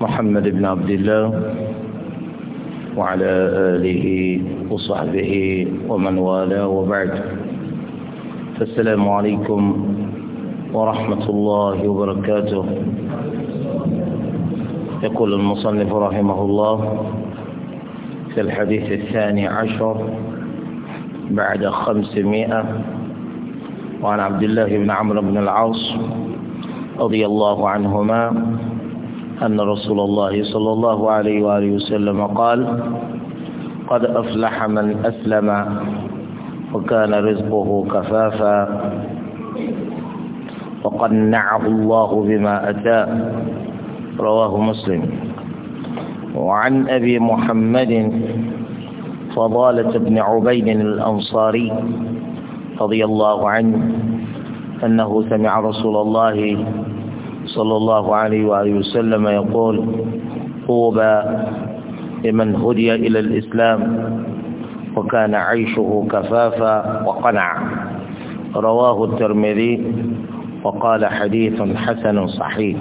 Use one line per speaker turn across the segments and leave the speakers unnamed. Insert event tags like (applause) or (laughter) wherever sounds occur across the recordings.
محمد بن عبد الله وعلى آله وصحبه ومن والاه وبعد فالسلام عليكم ورحمة الله وبركاته يقول المصنف رحمه الله في الحديث الثاني عشر بعد خمسمائة وعن عبد الله بن عمرو بن العاص رضي الله عنهما أن رسول الله صلى الله عليه وآله وسلم قال قد أفلح من أسلم وكان رزقه كفافا وقد نعه الله بما أتاه رواه مسلم وعن أبي محمد فضالة بن عبيد الأنصاري رضي الله عنه أنه سمع رسول الله صلى الله عليه وآله وسلم يقول طوبى لمن هدي إلى الإسلام وكان عيشه كفافا وقنع رواه الترمذي وقال حديث حسن صحيح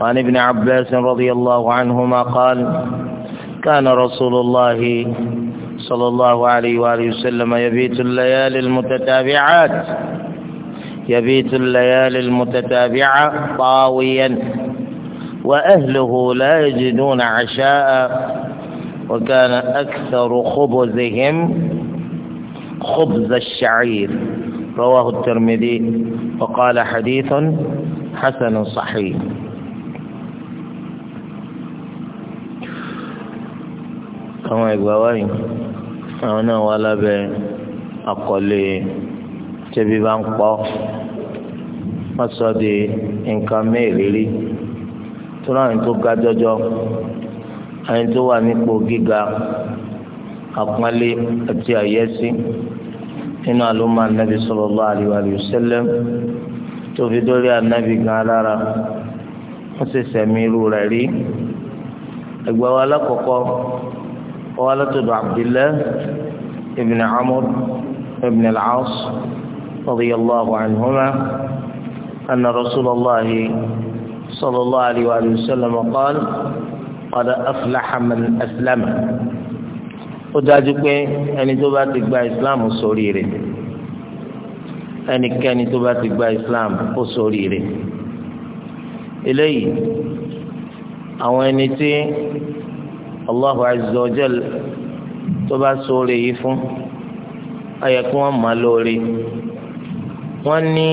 وعن ابن عباس رضي الله عنهما قال كان رسول الله صلى الله عليه وآله وسلم يبيت الليالي المتتابعات يبيت الليالي المتتابعة طاويا وأهله لا يجدون عشاء وكان أكثر خبزهم خبز الشعير رواه الترمذي وقال حديث حسن صحيح كما يقولون أنا ولا بأقلين tẹ́bí bá ń pọ̀ wọ́n sọ di nǹkan mẹ́rìírí tó láwọn tó ga jọjọ àwọn tó wà nípò gíga àpọ́nlé àti àyẹ́sí nínú àlùmọ́ anabi sallallahu alaihi wa sallam tó fi dórí anabi gan lára wọ́n sì sẹ̀mí irú rẹ̀ rí ẹgbẹ́ wa alákọ̀ọ́kọ́ wọ́n wá látọ̀dọ̀ Abdillah ibn Amr ibn al-As. رضي الله عنهما أن رسول الله صلى الله عليه وآله وسلم قال قد أفلح من أسلم ó dájú pé ẹni tó bá ti gba islam ṣoríire ẹnikẹ́ni tó bá ti gba islam ó ṣoríire eléyìí àwọn ẹni tí Allahu azza wa jal tó bá ṣoore yìí fún ayẹ kí wọ́n máa lóore wọ́n ní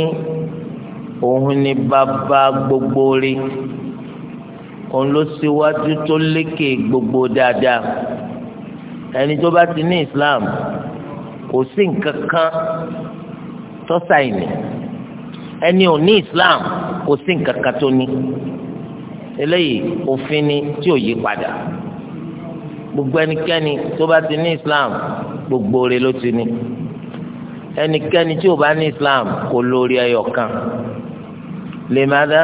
òun ni bàbá gbogbo rí òun ló síwájú tó lékè gbogbo dáadáa ẹni tó bá ti ní Islam kò sí nǹkan kan tọ́sàìní ẹni ò ní Islam kò sí nǹkan kan tó ní eléyìí òfin ni tí ò yí padà gbogbo ẹnikẹ́ni tó bá ti ní Islam gbogbo rẹ̀ ló ti ní ẹnikẹ́ni tí ò bá ní islam kò lórí ẹyọ kan lè má dá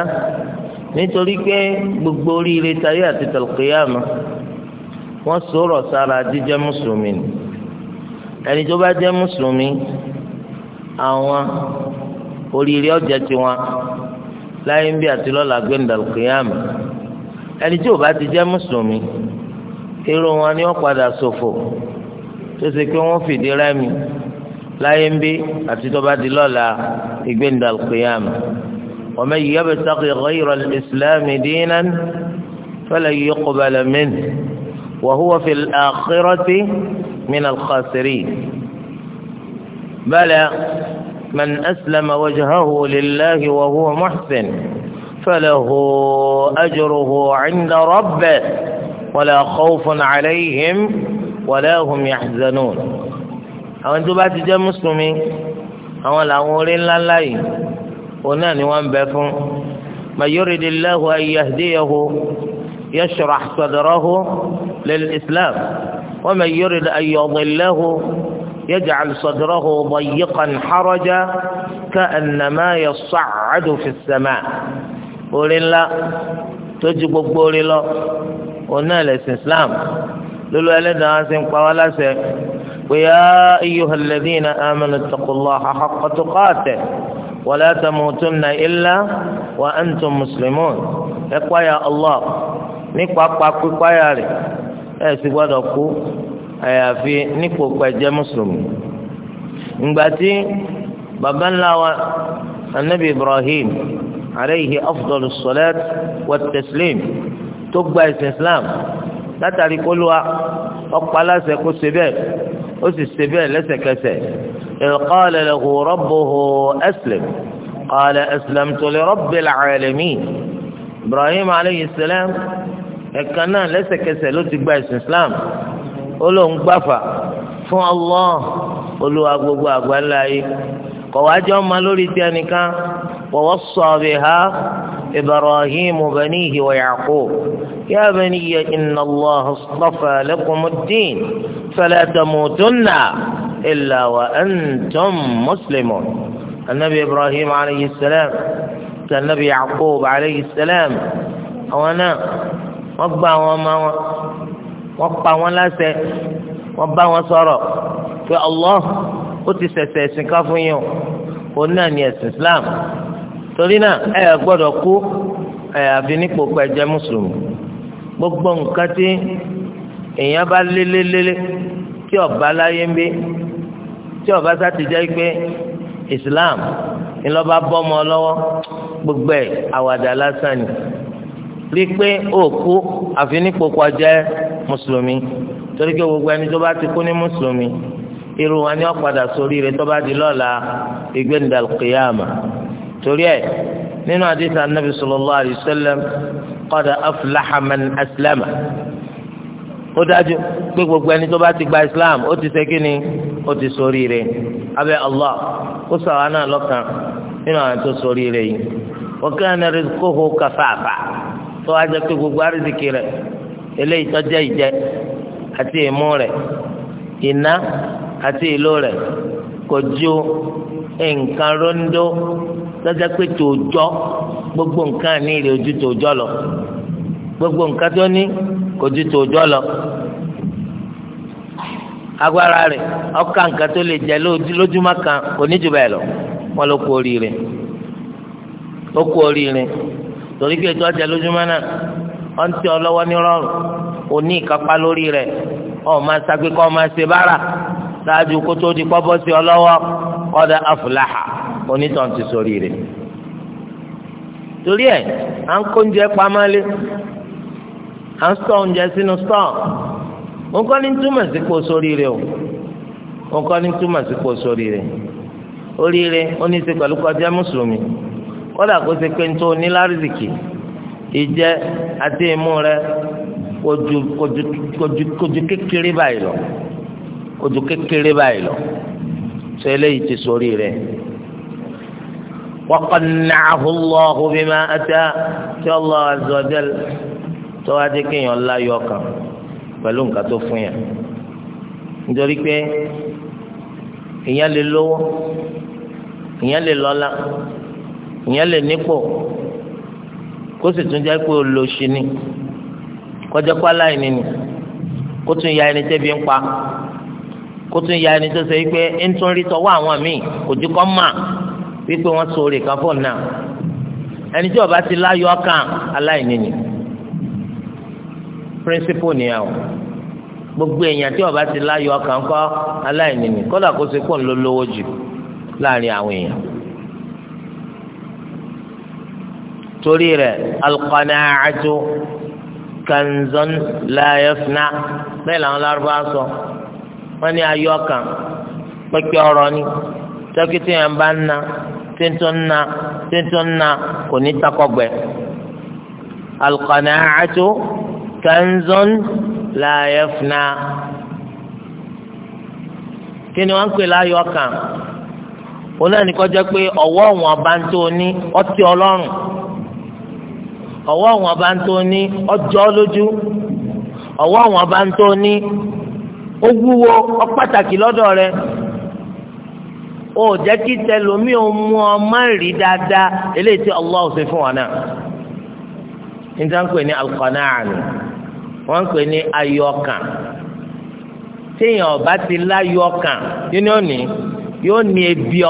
nítorí pé gbogbo oríire tayé àti tàlùkìyàmù wọ́n sọ̀rọ̀ sára jíjẹ́ mùsùlùmí ẹni tó bá jẹ́ mùsùlùmí àwọn oríire ọjà tiwọn láyé ń bí àti lọ́la gbẹ̀ndàlùkìyàmù ẹni tí ò bá ti jẹ́ mùsùlùmí irú wọn ni wọ́n padà ṣòfò tó ṣe pé wọ́n fìdí rẹ́mi. láyé ń bí àti tó bá di lọ́la ìgbéǹda al-qiyama wa man yabtaghi ghayra al-islami dinan falan yuqbala minhu wa wàhúwà fi al-akhirati min al-khasirin. بلى من أسلم وجهه لله وهو محسن فله أجره عند ربه ولا خوف عليهم ولا هم يحزنون àwọn tó bá ti jẹ́ mùsùlùmí àwọn làwọn orí ńláńlá yìí òun náà ni wọ́n ń bẹ fún mayuridillahu an yahdiyahu yashrah sadrahu lil islam wa mayurid an yudillahu yaj'al sadrahu dayyiqan haraja ka'annama yas'adu fi sama orí ńlá tó ju gbogbo orí lọ òun náà lẹ̀sìn islam lólu ẹlẹ́dàá sí ń pa wá láṣẹ. ويا أيها الذين آمنوا اتقوا الله حق تقاته ولا تموتن إلا وأنتم مسلمون اقوى يا الله نقوى قوى قوى يا ري اسقوى دكو أيا في نقوى قوى جا مسلم نباتي بابن لاوى النبي إبراهيم عليه أفضل الصلاة والتسليم تقبل الإسلام لا تاريخ قلوا أقبل سيكون ó sì ṣe bẹ́ẹ̀ lẹ́sẹ̀kẹsẹ̀ qala lahu rabbuhu aslim qala aslamtu li rabbil alamin ibrahim aleyhi salam ẹ̀ka náà lẹ́sẹ̀kẹsẹ̀ ló ti gba ìsìn islam ó lóun fún allah olúwa gbogbo àgbáńlá yìí kọ̀wájọ́ ma lórí ti ẹnìkan. ووصى بها إبراهيم بنيه ويعقوب يا بني إن الله اصطفى لكم الدين فلا تموتن إلا وأنتم مسلمون النبي إبراهيم عليه السلام النبي يعقوب عليه السلام أنا وبا وما وبا ولا سي وبا وصرا في الله قلت سيسكافون يوم قلنا أن يسلم torí náà ẹ gbọ́dọ̀ kú ẹ àfi nípò pẹ̀jẹ́ mùsùlùmí gbogbo nǹkan tí èèyàn bá lélélélé tí ọba láyé ń bí tí ọba sáti jẹ́ pé Islam ńlọba bọ́mọ lọ́wọ́ gbogbo ẹ̀ àwàdà lásán ni rí i pé òkú àfi nípò pẹ̀jẹ́ mùsùlùmí torí pé gbogbo ẹni tó bá ti kú ní mùsùlùmí irun wa ni ó padà sórí rẹ̀ tó bá di lọ́la ìgbéǹdàlùkìyàmà torí ẹ nínú àdìsí anabi sallallahu alayhi wa sallam qad aflaha man aslama ó dájú pé gbogbo ẹni tó bá ti gba islam ó ti ṣe kí ni ó ti ṣoríire abẹ allah ó sàwọn náà lọ́kàn nínú àwọn tó ṣoríire yìí wa kana rizquhu kafafa tó wá jẹ pé gbogbo àrísìkì rẹ eléyìí tó jẹ ìjẹ àti ìmú rẹ ìná àti ìlò rẹ kò ju nǹkan rondo lọ́jọ́ pé tòójọ́ gbogbo nǹkan ní ilé ojú tòójọ́ lọ gbogbo nǹkan tó ní ojú tòójọ́ lọ agbára ọkà nǹkan tó lè jẹ lójúmọ́ kan kò ní jù bẹ́ẹ̀ lọ wọn ló kú oríire ó kú oríire torí pé ètò ọjà lójúmọ́ náà wọ́n ti ọ lọ́wọ́ ní rọrùn ò ní ìkápá lórí rẹ̀ ọ̀ máa ṣagbe kọ́ máa ṣe bára ṣáájú di ọ̀dà onítàn ti sọrí rẹ̀ torí ẹ̀ à ń kó oúnjẹ pamọ́lé à ń sọ oúnjẹ sínú stọọ nǹkan ní túmọ̀ sí kó o nǹkan ní túmọ̀ sí kó sórí rẹ̀ oríire ó ní í ṣe pẹ̀lú kọjá mùsùlùmí kódà kó ṣe pé nítorí onílárísìkì ìjẹ àti ìmú kojú kojú kojú kojú kékeré báyìí lọ kojú kékeré báyìí lọ sọ eléyìí ti sórí وقنعه الله بما أتى شاء الله عز وجل tó wá dé kéèyàn láyọ̀ ọkàn pẹ̀lú nǹkan tó fún yàn nítorí pé èèyàn lè lówó èèyàn lè lọ́lá èèyàn lè nípò kó sì ni kọjá ya ẹni ni kó tún ya pa ya wípé wọ́n sọ̀rọ̀ ìka fóònù náà ẹni tí ọba ti láyọ̀ ọkàn aláìní ni píríncípù nìyẹn o gbogbo èèyàn tí ọba ti láyọ̀ ọkàn kọ́ aláìní ni kódà kó ṣe pọ̀ ńlọ jù láàrin àwọn èèyàn. torí rẹ̀ alqana'atu kanzon la yafna bẹ́ẹ̀ làwọn lárúbá sọ wọ́n ní ayọ̀ ọkàn pẹ́pẹ́ ọ̀rọ̀ ni tọ́kítì yẹn bá ń na tẹ́ńtọ́ ńnà kò ní takọ́gbẹ́. alqana'atu kanzun la yafna. kí ni wọ́n ń pè láyọ̀ kan òun náà kọjá pé ọwọ́ àwọn ọba ń tó ní ọtí ọlọ́run ọwọ́ àwọn ọba ń tó ní ọjọ́ lójú ọwọ́ àwọn ọba ń tó ní ó wúwo ó pàtàkì lọ́dọ̀ rẹ o jẹ́ kí tẹlomi ò mú ọ má rí dáadáa eléyìí tí Allah ṣe fún wa náà níta ń pè ní alqanaa wọ́n ń pè ní téèyàn ọba ti láyọ̀kàn yóò ní òní yóò ní ebi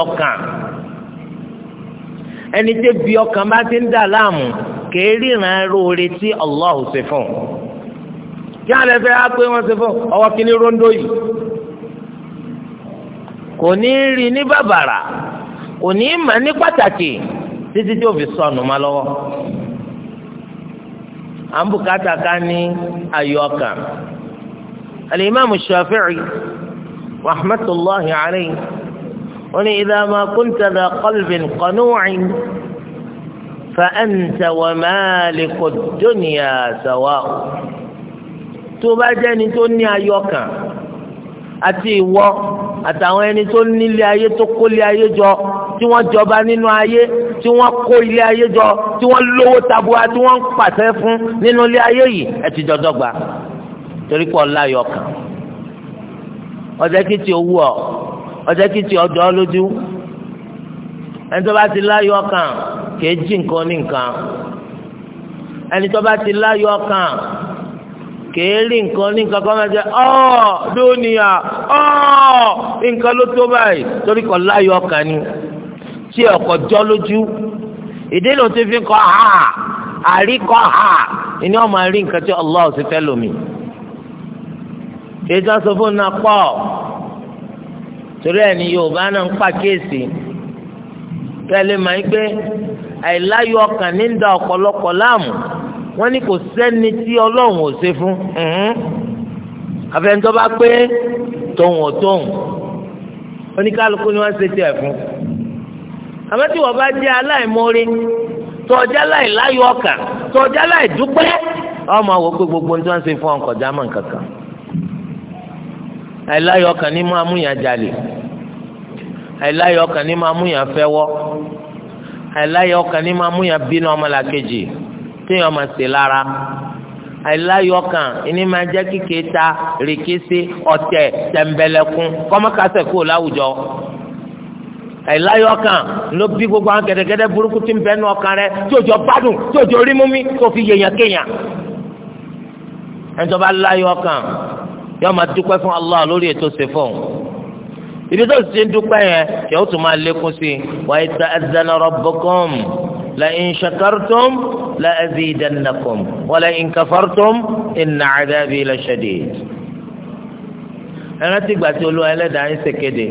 ẹni tí ebi bá ti ń dà láàmú kèé ríran róore tí Allah ṣe fún kí fẹ́ á pé wọ́n ṣe fún ọwọ́ kí ni rondo kò ní rí ní bàbàrà kò ní mà ní pàtàkì títí tí ó fi sọnù má lọ́wọ́ à ń bùkátà ká ní ayọ̀ ọkàn alimami shafi'i rahmatulahi alayhi wọ́n ní idha ma kunta dha qalbin qanu'in fa anta wa malikud dunya sawa tó bá jẹ́ni tó ní ayọ̀ ọkàn àti ìwọ àtàwọn ẹni tó nílé ayé tó kólé ayé jọ tí wọ́n jọba nínú ayé tí wọ́n kó ilé ayé jọ tí wọ́n lówó tabua tí wọ́n ń pàṣẹ fún nínú ilé ayé yìí ẹ ti jọ dọ́gba torí pọ̀ láyọ̀ kan ọjọ́ kí ti owó ọ ọjọ́ kí ti ọdọ́ lójú ẹni tó bá ti láyọ̀ kan kì nǹkan ní nǹkan ẹni tó bá ti láyọ̀ kan. kéèrí nǹkan ní nǹkan kan máa jẹ ọ́ọ̀ lónìyà ọ́ọ̀ nǹkan ló tó báyìí torí kan láyọ̀ ọkàn ni tí ọkọ̀ jọ́ lójú ìdílé tó fi kọ́ ha àríkọ́ ha ìní ọmọ àrí nǹkan tí Allah sì fẹ́ lómi. ètò na náà pọ̀ torí ẹ̀ ní Yorùbá náà ń pàkíyèsí kẹ́lẹ́ máa ń gbé àìláyọ̀ ọkàn ní ọ̀pọ̀lọpọ̀ láàmú. wọ́n ní kò sẹ́ni tí ọlọ́run ò ṣe fún àfẹnjọba pé tóun ò tóun oníkálukú ni wọ́n ṣe tiẹ̀ fún àmọ́ tí wọ́n bá jẹ́ aláìmoore tọ́jà láì láyọ̀ ọkà tọ́jà láì dúpẹ́ ọmọ àwọn pé gbogbo ní tí wọ́n ṣe fún ọkọ̀ jámọ̀ kankan àìláyọ̀ ọkàn ní máa mú yàn jalè àìláyọ̀ ọkàn ní máa mú yàn fẹ́wọ́ àìláyọ̀ ọkàn ní máa mú yàn bínú ọmọlàkejì. téèyàn máa ṣe lára àìláyọkàn ìní máa jẹ́ kíkè ta rìkíṣí ọ̀tẹ̀ tẹ̀m̀bẹ̀lẹ̀kùn kọ́mọ́kásẹ̀ kúrò láwùjọ àìláyọkàn ló bí gbogbo àwọn gẹ́dẹ́gẹ́dẹ́ burúkú tí ń bẹ nù ọkàn rẹ tí òjò gbádùn tí òjò rí mú mi tó fi yèèyàn kéèyàn ẹnjọba láyọkàn máa fún lórí ètò ṣe fún un ibi tó ti ń dúpẹ́ yẹn kí ó tún máa lékún sí i wa ta'azzana rabbukum la in shakartum la azidannakum wa la in kafartum inna adhabi la shadid. ẹran ti gbà tí olúwa ẹlẹ́dàá ń ṣèkéde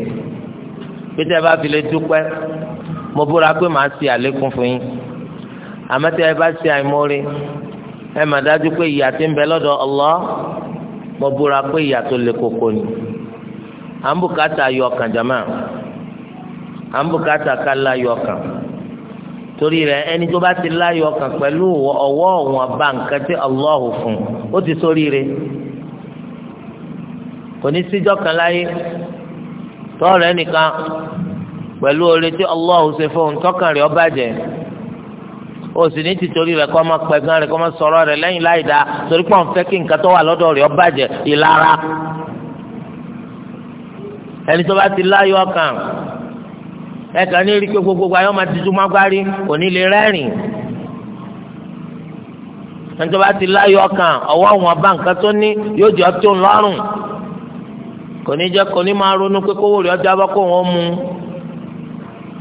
pété ẹ bá fi lè dúpẹ́ mo búra pé màá ṣe àlékún fún yín àmọ́ ẹ bá ṣe àìmọ́re ẹ mà dájú pé ìyà tí ń bẹ lọ́dọ̀ Allah mo búra pé ìyà tó le koko ni. à ń bùkátà jama à ń bùkátà ká torí rẹ ẹni tó bá ti láyọ ọkàn pẹ̀lú ọwọ́ òun ọba nǹkan tí Allahu fún ó ti sórí rẹ̀ kò ní síjọ́ kan láyé tọ́ọ̀rọ̀ ẹnìkan pẹ̀lú oore tí Allahu ṣe fún tọ́kàn rẹ̀ ó bàjẹ́ ó sì ní tìtorí rẹ̀ kọ́ máa pẹ̀gàn rẹ̀ kọ́ máa sọ̀rọ̀ rẹ̀ lẹ́yìn láì dáa torí pọ́n fẹ́ kí nǹkan tó wà lọ́dọ̀ rẹ̀ ó bàjẹ́ ìlara ẹni tó bá ti láyọ̀ ọkàn ẹ kàn ní rí pé gbogbo ayọ́ máa ti tún mágbárí kò ní lè rẹ́rìn ẹni tó bá ti láyọ̀ ọkàn ọwọ́ àwọn ọba nǹkan tó ní yóò jẹ́ tó ń lọ́rùn kò ní jẹ́ kò ní máa ronú pé kówó rẹ̀ ọjà bá kó wọn mú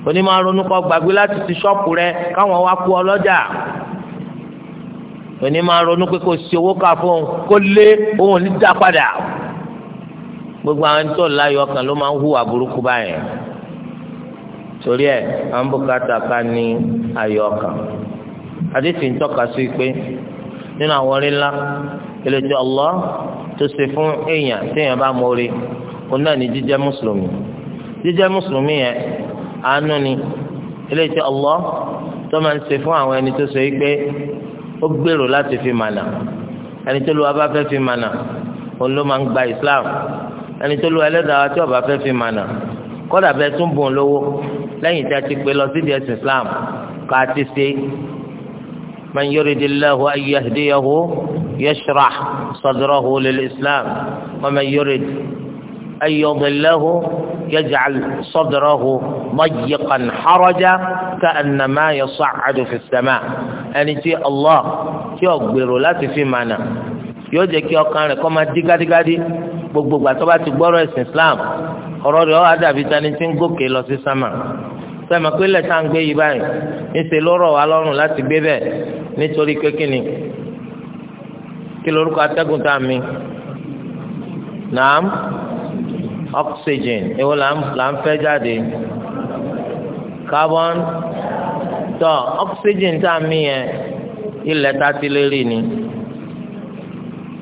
kò ní máa ronú kó gbàgbé láti ti ṣọ́ọ̀pù rẹ̀ káwọn wá kú ọlọ́jà kò ní máa ronú pé kò sí owó kà fún un kó lé òun ní dá padà. gbogbo àwọn tó láyọ̀ kan ló máa ń hùwà burúkú báyẹn torí ẹ̀ à ká ní ayọ̀ kan àdìsí nínú àwọn ńlá tó ṣe fún èèyàn téèyàn bá mórí òun náà ní mùsùlùmí mùsùlùmí yẹn àánú ni fún àwọn ẹni tó ṣe pé ó fi mànà ẹni tó lu fi mànà òun ló máa ń gba Islam ẹni tó lu ẹlẹ́dàá wa tí ọba fẹ́ fi mànà kọ́dà bẹ́ẹ̀ tún bùn lówó lẹ́yìn tí a ti pè lọ sí díẹ̀ sin Islam ká a ti ṣe man yuridillahu an yahdiyahu yashrah sadrahu lil Islam wa man yurid an yudillahu yaj'al sadrahu dayyqan harajan ka'annama yas'adu fi as ẹni tí Allah tí ó gbèrò láti fi mànà yóò jẹ́ kí ọkàn rẹ̀ kó máa dí gádígádí gbogbo ìgbà tó bá ti gbọ́rọ̀ ẹ̀sìn Islam ọ̀rọ̀ rẹ̀ ó dàbí tani tí ń gòkè lọ sí sámà sẹ́mi pé lẹ́tà ń gbé yìí báyìí ńṣe ló rọ̀ wá lọ́rùn láti gbé bẹ́ẹ̀ nítorí kékinni kí lorúkọ atẹ́gùn tá a mi naam oxygen èwo là ń fẹ́ jáde carbon tó oxygen tá a mi yẹn ilẹ̀ tá a ti lè ni.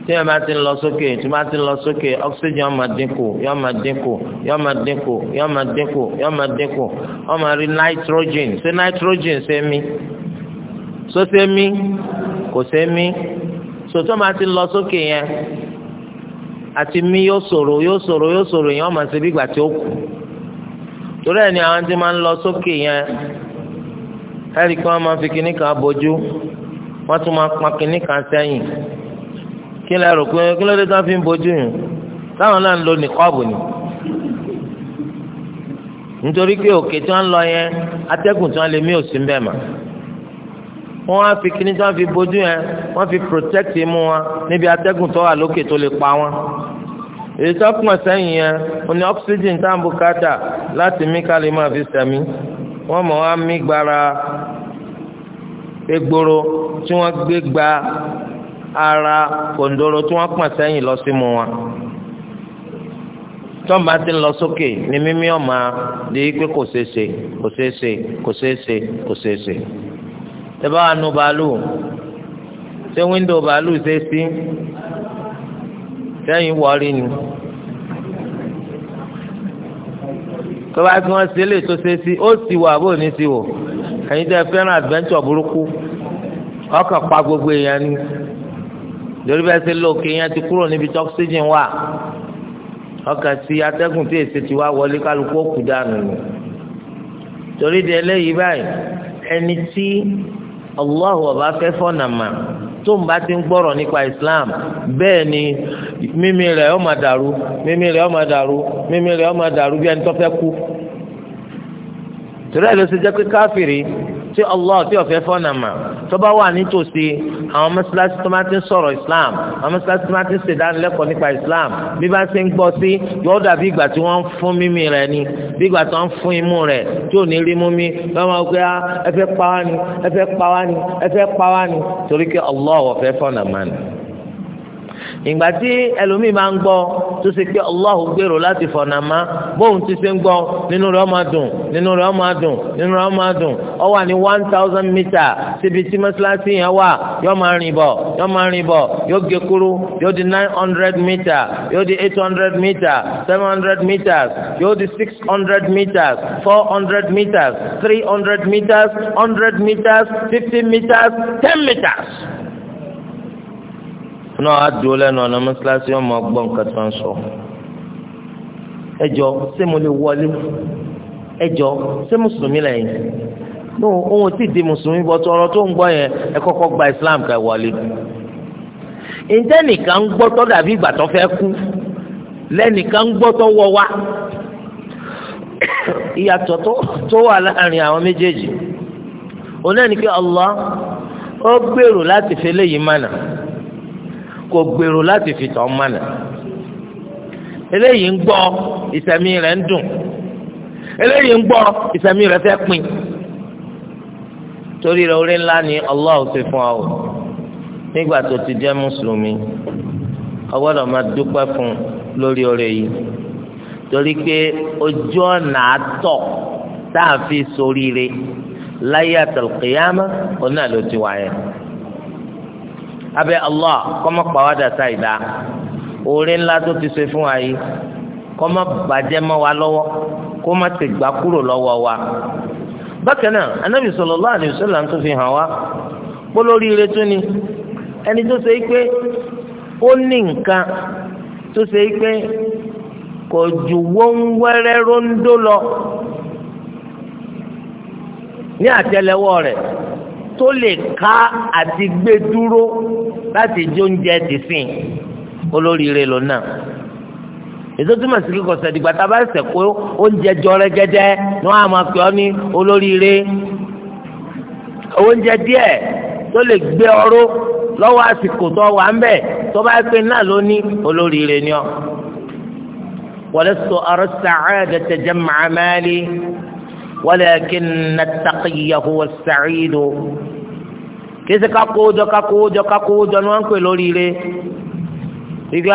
tí ẹ bá ti lọ sókè tí bá ti lọ sókè oxygen máa dínkù yóò dínkù yóò dínkù yóò dínkù dínkù rí nitrogen ṣé nitrogen ṣe mí ṣó ṣe mí kò ṣe mí sòtọ́ máa ti lọ sókè yẹn àti mí yóò ṣòro yóò ṣòro yóò ṣòro yẹn wọ́n máa ìgbà tí ó kù torí ẹ̀ ni àwọn tí máa ń lọ sókè yẹn kí lè rò pé kí ló dé tán fi ń bojú yìí táwọn náà ń lo nìkọ́ọ̀bù ni nítorí pé òkè tí wọ́n lọ yẹn atẹ́gùn tí wọ́n lè mí òsì ń mà wọ́n á fi kíní tí wọ́n fi bojú yẹn wọ́n fi protect imú wọn níbi atẹ́gùn tó wà lókè tó lè pa wọn èyí tó láti mí ká lè fi sẹ̀mí wọ́n mọ̀ wá mí gbára egboro tí wọ́n ara kòndòrò tí wọ́n pọ̀n sẹ́yìn lọ sí mu wọn tọ́ba ti ń lọ sókè ní mímí ọ̀ma di pé kò ṣeé ṣe kò ṣeé ṣe kò ṣeé ṣe kò ṣeé ṣe tẹ́bá wa nu bàálù ṣé wíńdò bàálù ṣe sí sẹ́yìn wọ́ọ́rí ni tọ́ba tí wọ́n ṣe lè tó ṣe sí ó sì wò àbò ní sí wò ẹ̀yin tẹ́ fẹ́ràn adventure burúkú ọkàn pa gbogbo èèyàn ni. lórí bẹ́ẹ̀ ṣe lóòkè yẹn ti kúrò níbi tọ́kísíjìn wà ọkàn sí atẹ́gùn tí èsì ti wá wọlé kálukú òkú dànù nù torí di eléyìí báyìí ẹni tí Allahu ọba fẹ́ fọ́nà mà tó ń bá ti ń gbọ́rọ̀ nípa Islam bẹ́ẹ̀ ni mímí rẹ̀ máa dàrú mímí rẹ̀ máa dàrú mímí rẹ̀ máa dàrú bí ẹni tó tí Allah tí ọ̀fẹ́ fọ́nà mà tó bá wà nítòsí àwọn mọ́sálásí tó máa ti ń sọ̀rọ̀ Islam àwọn mọ́sálásí tó máa ti ń ṣèdánilẹ́kọ̀ọ́ nípa Islam bí bá ṣe ń gbọ́ sí yóò dàbí ìgbà tí wọ́n ń fún mímí rẹ̀ ni bí ìgbà tí wọ́n ń fún imú rẹ̀ tí ò ní rí mú mi lọ́mọ pé ah, ẹ fẹ́ pa wá ni ẹ fẹ́ pa wá ni ẹ fẹ́ pa wá ni torí pé Allah ọ̀fẹ́ fọ́nà mà ni ìgbà tí ẹlòmíì máa ń gbọ́ tó ṣe pé Allahu gbèrò láti fọ̀nà má bóun ti ṣe ń gbọ́ nínú rẹ̀ ọmọ dùn nínú rẹ̀ ọmọ dùn nínú rẹ̀ ọmọ dùn ọ wà ní one thousand metre síbi tí mọ́ṣáláṣí yẹn wà yóò máa rìn bọ̀ yóò máa rìn bọ̀ yóò gé kúrú yóò di nine hundred metre yóò di eight hundred metre seven hundred metres yóò di six hundred metres four hundred metres three hundred metres hundred metres fifty metres ten metres náà á dúró lẹ́nu ọ̀nà mọ́ṣáláṣí ọmọ ọgbọ́n nǹkan tó ń sọ. ẹjọ ṣé mo lè wọlé ẹjọ ṣé mùsùlùmí lẹ́yìn ní òun ti di mùsùlùmí bọ́ tọrọ tó ń gbọ́ yẹn ẹ kọ́kọ́ gba Islam ká wọlé. ǹjẹ́ nìkan ń gbọ́ tọ́ dàbí ìgbà tó fẹ́ kú lẹ́nìkan ń gbọ́ tọ́ wọ wá ìyàtọ̀ tó wà láàrin àwọn méjèèjì òun náà pé Allah ó gbèrò láti fi eléyìí mánà. kò gbèrò láti fìtọ̀ mánà eléyìí ń gbọ́ ìsẹ̀mí rẹ̀ ń dùn eléyìí ń gbọ́ ìsẹ̀mí rẹ̀ fẹ́ pin torí rẹ̀ orí ńlá ni Allah ṣe fún ọ nígbà tó ti jẹ́ mùsùlùmí o máa dúpẹ́ fún lórí oore yìí torí pé ojú ọ̀nà àtọ̀ tá a fi Abịa Allah kọmọ pàwádà ta ìdá oore ńlá tó ti ṣe fún wa yìí kọ́mọ́ bàjẹ́ mọ́ wa lọ́wọ́ kó má ti gbà kúrò lọ́wọ́ wa. bákan náà anábì sallallahu tó fi hàn wá polórí tún ni ẹni tó ṣe pé ó ní nǹkan tó tó lè ká àti gbé dúró láti jó oúnjẹ tìsín olóríire lò náà èso túmọ̀ sí kíkọ sẹ́dìgbà tá a bá ṣẹ̀ kó oúnjẹ jọrẹ gẹ́dẹ́ ni wọ́n á máa pè ọ́ ní olóríire oúnjẹ díẹ̀ tó lè gbé ọró lọ́wọ́ àsìkò tó wà ń bẹ̀ tó bá pé náà ló ní olóríire ni ọ. walastu ara as-sa'adata jam'a mali. ولكن التقي هو السعيد kìsì kakowójọ kakowójọ kakowójọ ni wọn ń pè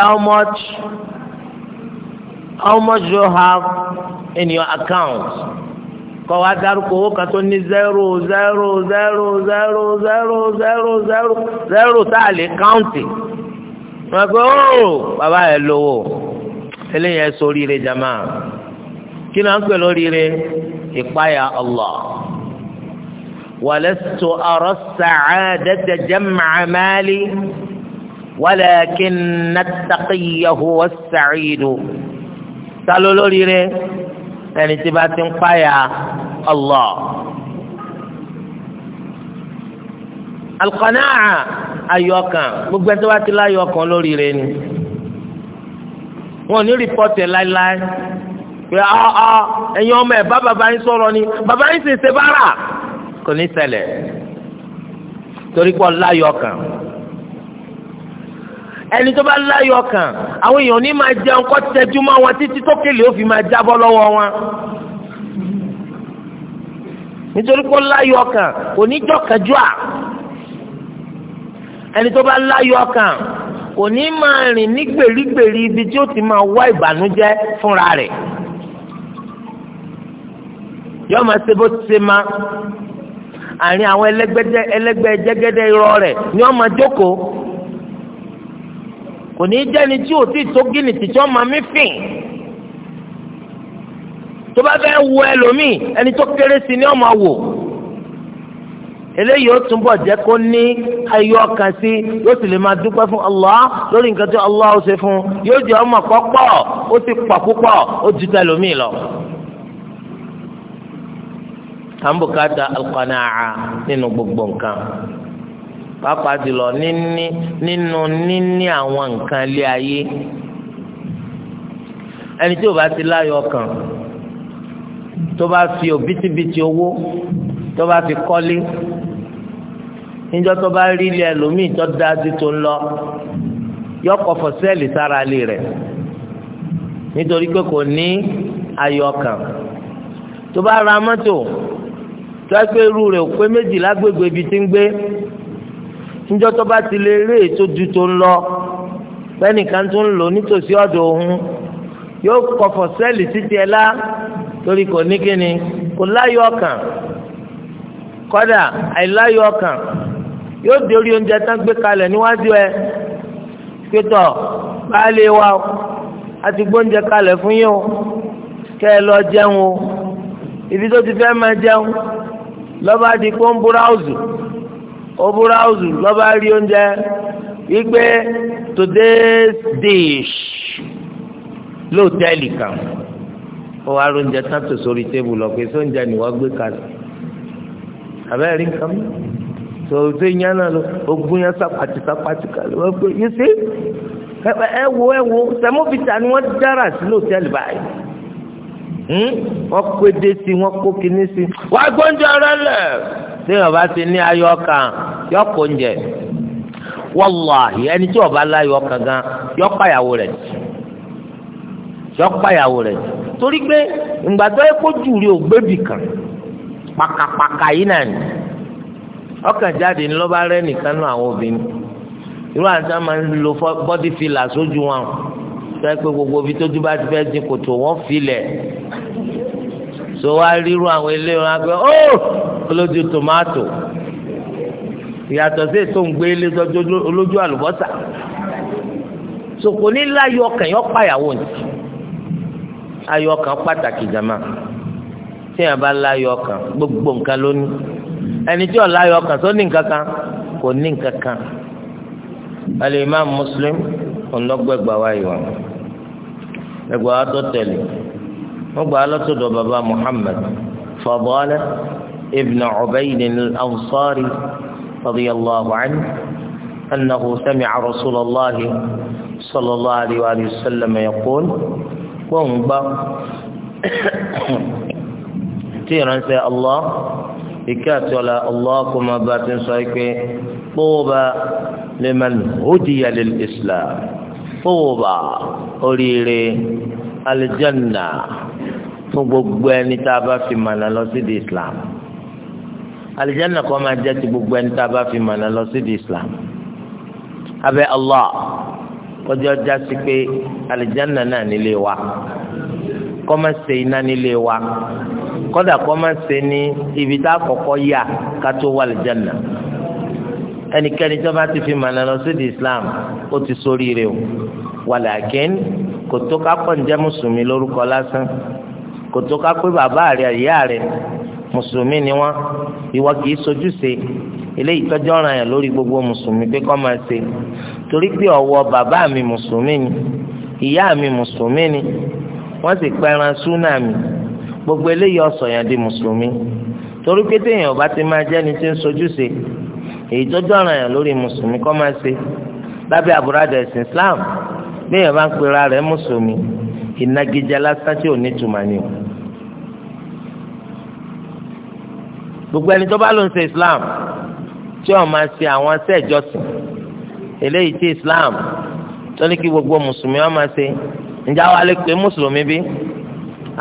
how much how much do you have in your account kọ wa dárúkọ owó kan tó ní zero zero zero zero zero zero zero zero tá a lè káùntì wọn pe ooo oh, bàbá yẹn lówó eléyìí ẹ sórí ilé jama kí ni wọn ń pè lórí ìpáyà Allah walastu ara sa'adata jam'a mali walakinna at-taqiyya huwa as-sa'id sálọ lórí rẹ ẹni tí bá ti ń páyà Allah. alqanaa ayọ̀kan gbogbo ẹni tó bá ti láyọ̀kan lórí ni wọn ò ní rìpọ́tì láéláé pé ọ́ọ́ ah, ah, ẹ̀yin ọmọ ẹ̀ bá bàbá yín sọ̀rọ̀ ni bàbá yín sì ṣe bára kò ní ṣẹlẹ̀ torí pé ọláyọ̀ kan ẹni tó bá láyọ̀ kan àwọn èèyàn ní máa jẹun kọ́ tẹjú mọ́ wọn títí tó kélé ó fi máa jábọ́ lọ́wọ́ wọn nítorí pé láyọ̀ kan kò ní jọ̀kẹ́jọ́ à ẹni tó bá láyọ̀ kan kò ní máa rìn ní gbèrígbèrí ibi tí ó ti máa wá ìbànújẹ́ fúnra rẹ̀. yọ ma ṣe bó ṣe àárín àwọn ẹlẹgbẹdẹ ẹlẹgbẹ jẹgẹdẹ irọ́ rẹ̀ ni jókòó kò ní í jẹni tí tí tó gíní tìjọ ma mí fìn tó bá fẹ́ ẹlòmíì ẹni tó kéré sí ni wọn wò eléyìí ó túnbọ̀ jẹ́ kó ní ayọ̀ yóò sì lè máa dúpẹ́ fún lórí nǹkan tí fún yóò à ń bùkátà alqanaa nínú gbogbo nǹkan pàápàá jùlọ níní nínú níní àwọn nǹkan ilé ayé ẹni tí ó bá ti láyọ̀ ọkàn tó bá fi òbítíbitì owó tó bá fi kọ́lé níjọ́ tó bá rí ilé ẹlòmíì tó dájú tó ń lọ yọkọ̀ fọ̀sẹ́ẹ̀lì sára ilé rẹ̀ nítorí pé kò ní ayọ̀ ọkàn tó bá ra mọ́tò tọ́gbẹ́ irú rẹ̀ ò pé méjì lágbègbè ibi tí ń gbé níjọ́ tó bá ti lè rí ètò ju tó ń lọ pẹ́nìkan tó ń lò nítòsí ọ̀dọ̀ òun yóò kọ̀fọ̀ sẹ́ẹ̀lì títí ẹ lá torí kò ní kíni kò láyọ̀ ọkàn kọ́dà àìláyọ̀ ọkàn yóò dé orí oúnjẹ tán gbé kalẹ̀ níwájú ẹ pétọ̀ baálé wa a ti gbóúnjẹ kalẹ̀ fún yín o kẹ́ ẹ lọ jẹun o ibi tó ti fẹ́ máa jẹun lọ́ba di kó ń búráùzù ó búráùzù lọ́ba rí oúnjẹ wípé today's dish lóòtẹ́ẹ̀lì kan ó wá rí oúnjẹ tán tó sórí tébù lọ pé sóúnjẹ ni wọ́n gbé kalẹ̀ abẹ́rẹ́ rí nǹkan mọ́ tòótọ́ ìyá náà lọ ogun yẹn sàpàtì sàpàtì kalẹ̀ wọ́n gbé yìí sí ẹ wo ẹ wo sẹ́mọ́fìtà ni wọ́n dára sí lóòtẹ́ẹ̀lì báyìí. Hmm? wọ́n kó edé sí wọ́n kó kinní sí. wá gbóúnjẹ rẹ lẹ̀ téèyàn bá ti ní ayọ̀ kan yọ kó oúnjẹ wàláhì ẹni tí ọba láyọ̀ kan gan yọ pàyàwó rẹ̀ yọ pàyàwó rẹ̀ torí pé ìgbàdọ́ ẹ̀kọ́ jù rí ògbébì kan pàkàpàkà yìí náà ni ọkàn jáde ní lọ́ba rẹ̀ nìkan náà àwọn obìnrin irú àti àwọn máa ń lo body filler sójú wọn. sọ gbogbo ibi tójú bá ti fẹ́ dín kòtò wọ́n filẹ̀ so wá ríru àwọn eléyìí wọn pé ó oh! olójú tòmátò ìyàtọ̀ sí ètò ń gbé ilé sọ́jọ́ olójú àlùbọ́sà sòkò ní láyọ̀ ọkàn yọ pàyàwó ni ayọ̀ ọkàn pàtàkì jàmá tí yẹn bá láyọ̀ ọkàn gbogbo nǹkan ló ní ẹni tí ò láyọ̀ ọkàn tó ní nǹkan kan kò ní nǹkan kan Al-Imam Muslim ọlọgbẹgba wa yìí wọn ẹgbẹ wa tó tẹ̀lé wọn gba alọtọdọ baba muhammad fadala ibn ubayd al-ansari radiyallahu anhu annahu sami'a rasulallah sallallahu alayhi wa sallam yaqul wọn gba (coughs) tí ìránṣẹ́ allah ike àti ọ̀la ọlọ́kùnmá bá ti ń sọ pé kpọ́wọ́bà lèman hudiya lil islam kpọ́wọ́bà oríire alijanna fún gbogbo ẹni tá a bá fi mànà lọ sí di islam alijanna kọ́ máa jẹ́ ti gbogbo ẹni tá a bá fi mànà lọ sí di islam abẹ́ allah kọjá jásí pé alijanna náà nílé wa kọ́má se iná nílé wa kọ́dà kọ́má se ní ibi tá a kọ́kọ́ yà kátó wà lìjánà ẹnikẹ́ni tó bá ti fi màná lọ sí di Islam ó ti sórí rẹ̀ o wàlàkín kò tó ká pọ̀ ǹjẹ́ mùsùlùmí lórúkọ lásán kò tó ká pé bàbá rẹ̀ ìyá rẹ̀ mùsùlùmí ni wọ́n ìwọ kì í sojúṣe eléyìí tọ́jú ọ̀ràn yẹn lórí gbogbo mùsùlùmí pé kọ́ máa ṣe torí pé ọ̀wọ́ bàbá mi mùsùlùmí ni ìyá mi mùsùlùmí ni wọ́n sì pẹran súnàmì gbogbo eléyìí ọ̀sọ̀ yẹn di mùsùlùmí torí pé téèyàn bá ti máa jẹ́ni tí ń sojúṣe èyí tó dọ̀ràn yàn lórí mùsùlùmí kọ́ máa ṣe lábẹ́ àbúradà ẹ̀sìn Islam béèyàn bá ń pera rẹ̀ mùsùlùmí ìnagijẹ lásán tí ò ní tùmọ̀ ni o. gbogbo ẹni tó bá ló ń ṣe Islam tí wọn máa ṣe àwọn ṣẹ́ẹ̀jọ́sìn eléyìí tí Islam tó ní kí gbogbo mùsùlùmí wọn máa ṣe ǹjẹ́ àwọn alẹ́ pé mùsùlùmí bí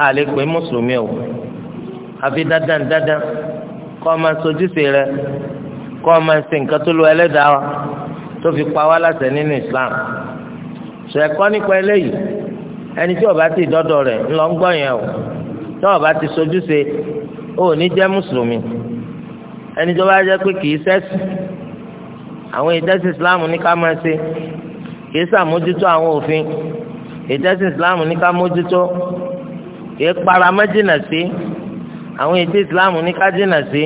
alẹ́ pé mùsùlùmí o àfi dandan dandan kọ́ ọ máa sojúṣe rẹ kọ́ ọ máa ṣe nǹkan tó lu ẹlẹ́dàá wa tó fi pa wá láṣẹ nínú Islam ṣẹ̀kọ́ nípa eléyìí ẹni tí ó bá ti dọ́dọ̀ rẹ̀ ńlọ ń gbọ́ yẹn o tí ó bá ti sojúṣe ó ní jẹ́ mùsùlùmí ẹni tó bá jẹ́ pé kì í ṣẹ̀sìn àwọn ìdẹ́sí Islam ní ká máa ṣe kì í ṣàmójútó àwọn òfin ètò ẹ̀sìn islam ní ká mójútó kì í para má jìnà sí àwọn ètò islam ní ká jìnà sí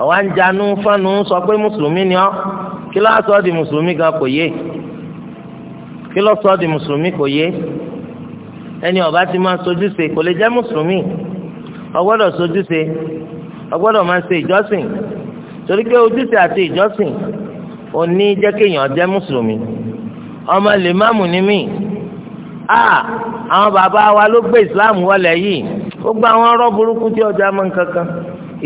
ọ̀wá ń janú fánu sọ pé mùsùlùmí ni ọ́ kí ló sọ di mùsùlùmí gan kò yé kí ló sọ di mùsùlùmí kò yé ẹni ọba ti máa sojúṣe kò lè jẹ́ mùsùlùmí ó gbọ́dọ̀ sojúṣe ó gbọ́dọ̀ máa ṣe ìjọsìn torí pé ojúṣe àti ìjọsìn ò ní jẹ́ kéèyàn jẹ́ mùsùlùmí ọmọ lè má mú ní míì a àwọn bàbá wa ló gbé islam wọlé yìí ó gba àwọn ọ̀rọ̀ burúkú tí ọjà máa ń kankan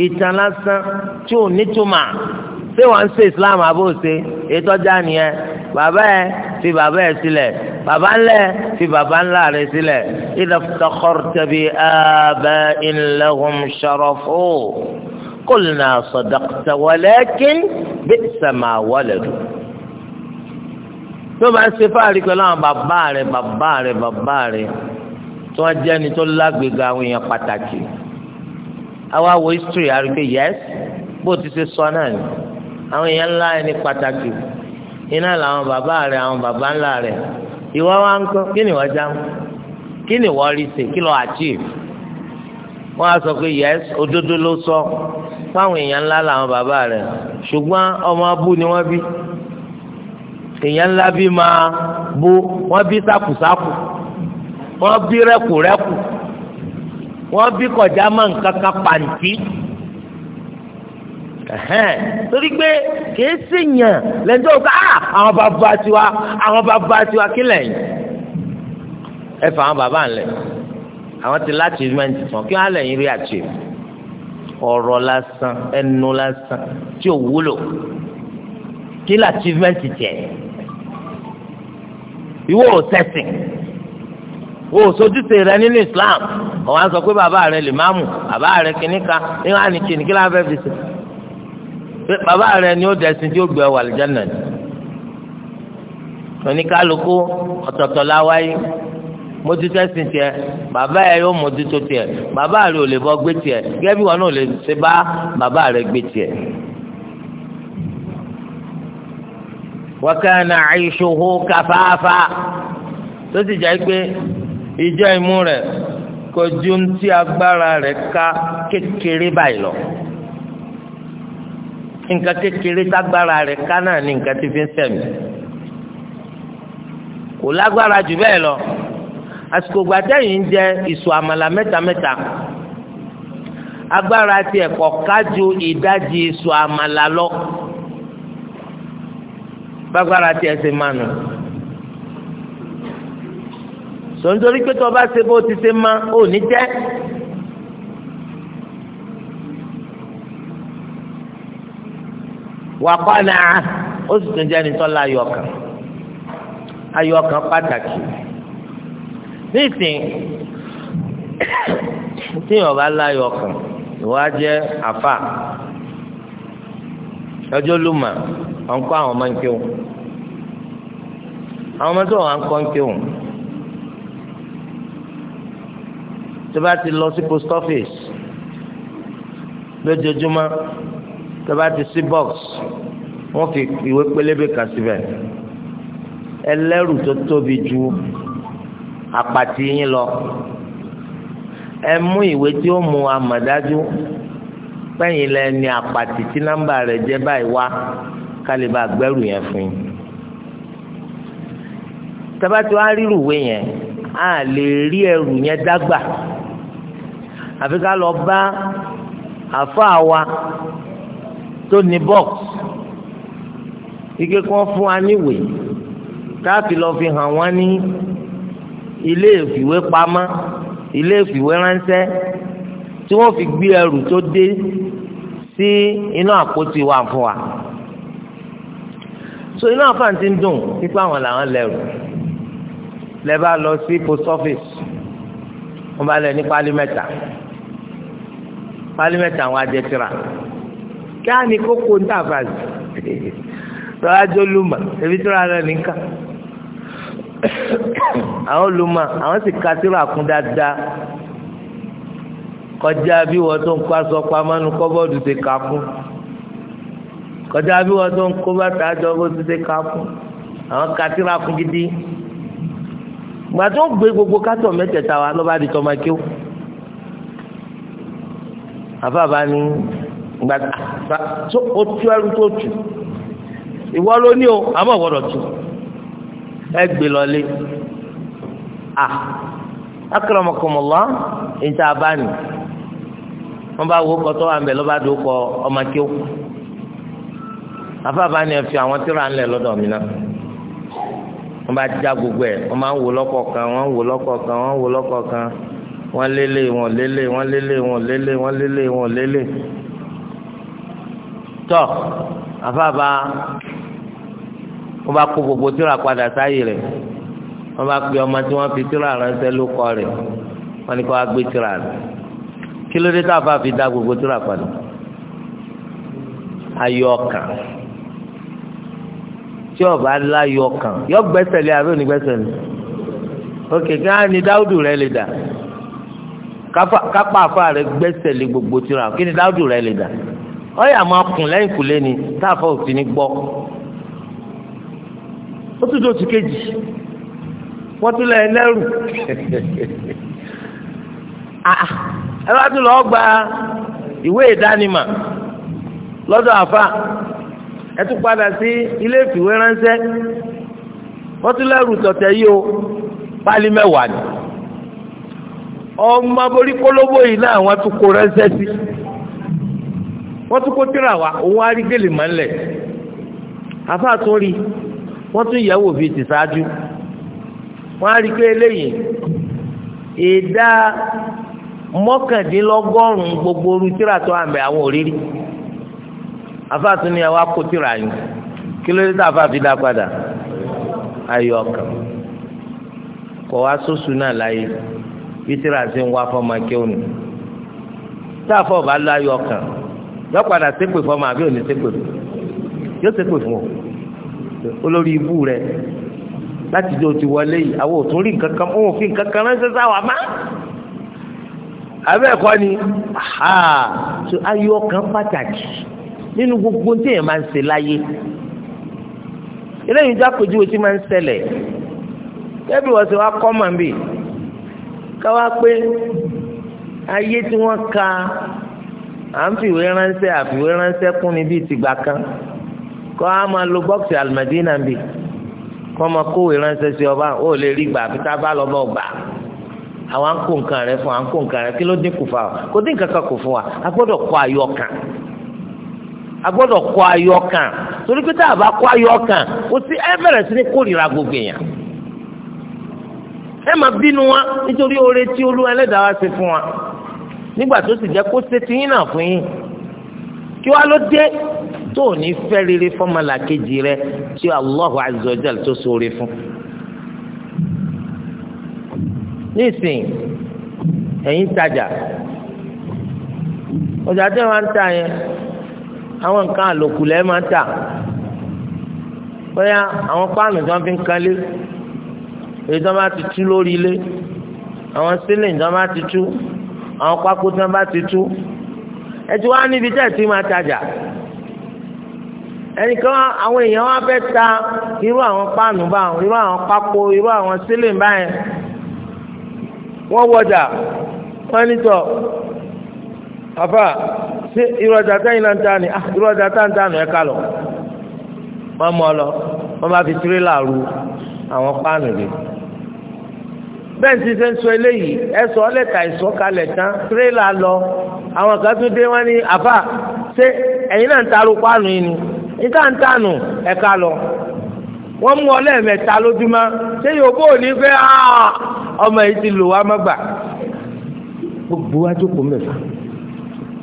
ìtàn lásán tí ò nítumọ̀ ṣé wọ́n ń ṣe islam àbò ṣe ètò ọjà nìyẹn bàbá ẹ fi bàbá ẹ sílẹ̀ bàbá ńlẹ fi bàbá ńlá rẹ sílẹ̀ idha iftakharta bi aba'in lahum sharafu qulna sadaqta walakin bi'sa ma waladu tó bá ṣe fáàrí pẹ̀lú àwọn bàbá rẹ̀ bàbá rẹ̀ bàbá rẹ̀ tó wọ́n jẹ́ ni tó lágbègbè àwọn èèyàn pàtàkì àwa wo history àrígbé yes bó ti ṣe sọ náà ni àwọn èèyàn ńlá ẹni pàtàkì iná làwọn bàbá rẹ̀ àwọn bàbá ńlá rẹ̀ ìwọ wa ń kọ́ kí ni wọ́n já kí ni wọ́n rí ṣe kí lọ́ọ́ achieve wọ́n á sọ pé yes òdodo ló sọ fáwọn èèyàn ńlá làwọn bàbá rẹ̀ ṣùgbọ́n ọmọ abú ni wọ́n bí èèyàn ńlá bí máa bo wọ́n bí sákùsákù wọ́n bí rẹ́kùrẹ́kù wọ́n bí kọjá máa ń kankan pàǹtí torí pé kìí sèyàn lẹ́jọ́ ọ̀gá àwọn bàbá tiwa àwọn bàbá tiwa kí lẹ́yìn ẹ fà àwọn bàbá ńlẹ̀ àwọn ti láti achievement tán kí wọ́n lẹ́yìn rí achieve ọ̀rọ̀ lásán ẹnu lásán tí ò wúlò kí lẹ́ achievement tiẹ̀ ìwọ ò sẹ̀sìn o sojúṣe rẹ nínú Islam ọ̀ wá sọ pé bàbá rẹ lè má mú bàbá rẹ kìnnìkan ní wàá ní kìnnìkan láfẹ́ fi sè pé bàbá rẹ ni ó dẹ̀sìn tí ó gbé wà lìjánà ni oníkálukú ọ̀tọ̀ọ̀tọ̀ la wáyé mójútó Baba tiẹ̀ bàbá ẹ̀ yóò mójútó tiẹ̀ bàbá rẹ ò lè bọ́ gbé tiẹ̀ gẹ́gẹ́ bí wọn náà lè ṣe bá bàbá rẹ gbé tiẹ̀. wa kana aishuhu kafafa tó sì jẹ́ pé ìjọ imú rẹ̀ kò ju ti agbára rẹ̀ ká kékeré báyìí lọ nǹkan kékeré tágbára rẹ̀ ká náà ní nǹkan tí fi ń sẹ̀mí kò lágbára jù bẹ́ẹ̀ lọ àsìkò gbàtẹ́yìn ń jẹ ìsù àmàlà mẹ́ta agbára tiẹ̀ kọ̀ ká ju ìdajì ìsù àmàlà lọ bágbára tí ẹ ṣe máa nù. sọ̀ńtorí pé tó o bá ṣe bó o ti ṣe máa ò ní jẹ́. wà kọ́nà ó sì tún jẹ́ nítorí ayọ̀ kan ayọ̀ kan pàtàkì nísìnyí tí yóò bá láyọ̀ kan ìwà àfà ọjọ́ lùmọ̀ à ń kọ́ àwọn ọmọ ń kí òun àwọn ọmọ tó wà ń kọ́ ń kí òun tó bá ti lọ sí post office lójoojúmọ́ tó bá ti sí box wọ́n fi ìwé pélébé kà síbẹ̀ ẹlẹ́rù tó tóbi ju àpàtì yín lọ ẹ mú ìwé tí ó mú amọ̀dájú pẹ́yìn lẹ́ni àpàtì tí nọ́mbà rẹ̀ jẹ́ báyìí wá kálíbà gbẹ́rù yẹn fún yín tabati wa ríru ìwé yẹn a lè rí ẹrù yẹn Dagba. àfi ká lọ bá àfáà wa
tó ní bọ́ọ̀sì
ike kí wọ́n fún wa níwèé káàkiri lọ fi hàn wọ́n ní ilé ìfìwé pamọ́ ilé ìfìwé ránṣẹ́ tí wọ́n fi gbé ẹrù tó dé sí inú àpótí wa fún wa so inú àfàǹ ti ń dùn nípa àwọn làwọn lẹ́rù lẹ́bà lọ sí post office wọ́n bá lẹ̀ ní pálí mẹ́ta pálí mẹ́ta àwọn ajẹtìrà kí á ní kókó ń tàfà sí lọ́wọ́ jólúmọ̀ ebi tí wọ́n á lọ nìkan àwọn olùmọ̀ àwọn sì ka tírà kún dáadáa kọjá bí wọ́n tó ń kó aṣọ pamọ́ nu kọ́bọ́ọ̀dù ti kà fún kọjá bí wọn tó ń kó bàtà àjọ bó ti ṣe ká fún àwọn katira fún gidi gbà tó gbé gbogbo kátó mẹ́tẹ̀ẹ̀ta wa lọ́ba di tọ́mọ kí ó àfààbà ni gbà tó o tú ẹrú tó tù ìwọ ló ní o àmọ́ ìwọ́dọ̀ tù ẹ gbé lọlé à akramakumullah ìta bá ní wọn bá wo kọtọ àmbẹ lọ́ba dòkọ ọmọ kí ó afáàbá ni ẹ fi àwọn tíra ńlẹ̀ lọ́dọ̀ mi náà wọ́n bá já gbogbo ẹ̀ wọ́n máa ń wò lọ́kọ̀ọ̀kan wọ́n ń wò lọ́kọ̀ọ̀kan wọ́n ń wò lọ́kọ̀ọ̀kan wọ́n lélẹ̀ wọ́n lélẹ̀ wọ́n lélẹ̀ wọ́n lélẹ̀ wọ́n lélẹ̀ wọ́n lélẹ̀ tọ́ afáàbá wọ́n bá kó gbogbo tíra padà sáyè rẹ̀ wọ́n bá pe ọmọ tí wọ́n fi tíra ránṣẹ́ ló kọ rẹ̀ wọ́n ní kó wá gbé tíra rẹ̀ kí ló dé tá a fà fi dá gbogbo tíra padà ayọ̀ ọkàn. tí ọba aláyọ̀ Yọkàn yọ gbẹ́sẹ̀ lé abẹ́ òní gbẹ́sẹ̀ òkè ní dáúdù rẹ lè dà kápá àfa rẹ gbogbo gbogbo tìrà kí ni dáúdù rẹ lè dà yà máa kùn lẹ́yìn kùlé ni ní gbọ́ ó tún dòtú kejì wọ́n tún lọ (laughs) ah, ah, ẹ bá tún lọ ẹ tún padà sí ilé ìfìwé ránṣẹ́ wọ́n tún yìí o pálí mẹ́wàá ni ọmọ aborí kólóbó yìí náà wọ́n tún kó ránṣẹ́ sí wọ́n tún kó tíra wa òun á rí gèlè mọ́lẹ̀ àfáà tún rí wọ́n tún yẹ̀wò bíi ti ṣáájú wọ́n á rí pé eléyìí ìdá mọ́kàndínlọ́gọ́rùn-ún gbogbo orú tíra tó àmì àwọn òrírí afáàtún ni ẹ wá kó tìrà yín kí ló dé tá afáàfi dá padà ayọ̀ ọkàn kọ wá sóṣù náà láyé bí tìrà sí ń wá fọmọ kéwòn tá a fọ bá lọ ayọ̀ ọkàn yọ padà ṣépè fọmọ àbí òní ṣépè fún yóò ṣépè fún o olórí ibú rẹ láti dé o ti wọlé yìí àwọn ò tún rí nǹkan kan òun fi nǹkan kan ránṣẹ́ sáwà má abẹ́ ni ayọ̀ ọkàn pàtàkì nínú gbogbo tí èèyàn máa ń ṣe láyé eléyìí tó àpèjúwe tí máa ń ṣẹlẹ̀ kẹ́bí wọ́n ti wá kọ́ màá bì káwá pé ayé tí wọ́n ka à ń fìwé ránṣẹ́ àfìwé ránṣẹ́ kún ni bíi tìgbà kan kọ́ á máa lo bọ́ọ̀sì àlùmọ̀dínà bì kọ́ máa kówé ránṣẹ́ sí ọba ó lè rí gbà àfi tá a bá lọ́ bọ́ gbà àwọn à ń kó nǹkan rẹ fún à ń kó nǹkan rẹ kí ló dín kù fún wa kò dín kankan kù fún wa a gbọ́dọ̀ kọ́ ayọ̀ kan a gbọ́dọ̀ kó ayọ̀ kan torí pé tá a bá kó ayọ̀ kan kò sí ẹ bẹ̀rẹ̀ sí ní kórìíra gbogbo èèyàn ẹ máa bínú wa nítorí oore tí olú ẹlẹ́dàá wa ṣe fún wa nígbà tó sì jẹ́ kó ṣe tiyín náà fún yín kí wàá ló dé tó ní fẹ́ rere fọ́mọlà kejì rẹ tí Allahu azza wa jalla tó ṣoore fún. nísìn ẹ̀yin tajà ọjà tẹ́ wọ́n ń ta yẹn àwọn nǹkan àlòkù lẹ́ẹ̀ máa tà bóyá àwọn páànù tí wọ́n fi ń kalé èyí tí wọ́n bá ti tú lórí ilé àwọn sílìn tí wọ́n bá ti tú àwọn pákó tí wọ́n bá ti tú ẹ ti wá níbi tẹ́ ẹ̀ ti máa tajà ẹnìkan àwọn èèyàn wá fẹ́ ta irú àwọn páànù báwọn irú àwọn pákó irú àwọn sílìn báyẹn wọ́n wọjà wọ́n nítọ̀ àfà se irú ta ni ah, irú ọjà táyìn ń ta nù ẹ lọ wọn mọ lọ ma bá fi tirẹ́là ru àwọn páànù rẹ̀ bẹ́ẹ̀ ti ṣe ń sọ eléyìí ẹ sọ ọ́lẹ́ka ìsọ̀kalẹ̀ tán tirẹ́là lọ àwọn kan tún dé wọn ní àfà ṣé ẹ̀yin náà ń taru páànù yìí ni níta ń tànù lọ wọ́n mú ọ lẹ́ẹ̀mẹ́ta lójúmọ́ ṣé yòókù ò ní ah, ọmọ yìí ti lò wá mọ́gbà gbogbo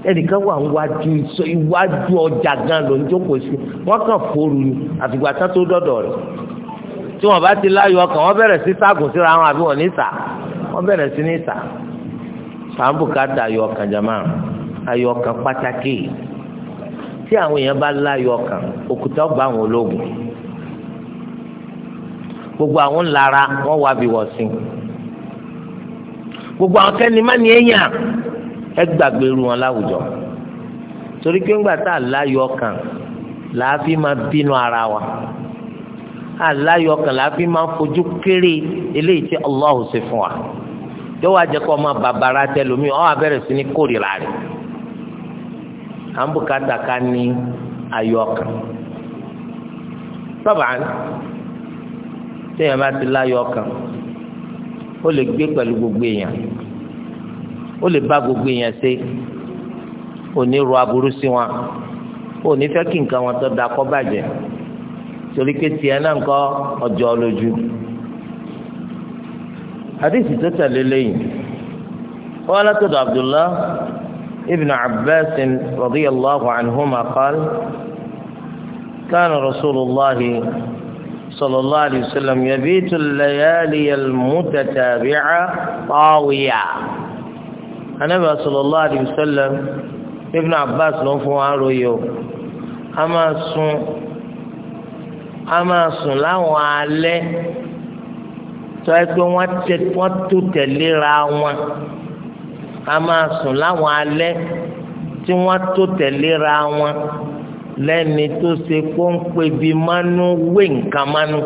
ẹnìkan wà wájú iṣẹ́ iwájú ọjà gan ló ń jókòó sí wọ́n kàn fóru ni àtìgbà tán tó dọ̀dọ̀ rẹ̀ tí wọ́n bá ti láyọ̀ ọkàn wọ́n bẹ̀rẹ̀ sí ságùn síra wọn àbí wọ́n ní sà wọ́n bẹ̀rẹ̀ sí ní sà sàǹbù ká da ayọ̀ ọkàn jama ayọ̀ ọkàn pàtàkì tí àwọn èèyàn bá láyọ̀ ọkàn òkúta ọgbà àwọn ológun gbogbo àwọn ńlára wọ́n wá bí wọ́n sí gbogbo àwọn kẹ́ni má ní ẹ̀yàn ẹ gbàgbé irú wọn láwùjọ torí pé ńgbà tá a láyọ̀ ọkàn làá fi máa bínú ara wa aláyọ̀ kan la fi máa ń fojú kéré eléyìí tí Allahu ṣe fún wa yóò wá jẹ́ kó ọmọ bàbára tẹlomi ọ́ abẹ́rẹ́ sí ní kórìíra rẹ̀ à ń bùkátà ká ní ayọ̀ kan sábà bá ti kan ó lè gbé pẹ̀lú gbogbo èèyàn ó lè bá gbogbo èèyàn ṣe òní ro aburú sí wọn òní fẹ́ kí nǹkan wọn tó da kọ́ bàjẹ́ torí pé tiẹ̀ náà ń kọ́ ọjọ́ lójú. hadith tó tẹ̀lé lẹ́yìn wọn látọ̀dọ̀ abdullah ibn abbas radiyallahu anhuma qal كان رسول الله صلى الله عليه وسلم يبيت الليالي المتتابعة طاوية anabi sallallahu alayhi wa sallam ibn abbas ló ń fún wa ròyìn o a máa sùn a máa sùn láwọn alẹ́ tó ẹ pé wọ́n tẹ wọ́n tó tẹ̀léra wọn a máa sùn láwọn alẹ́ tí wọ́n tó tẹ̀léra wọn lẹ́ni tó ṣe kó ń pè wé nǹkan mánú.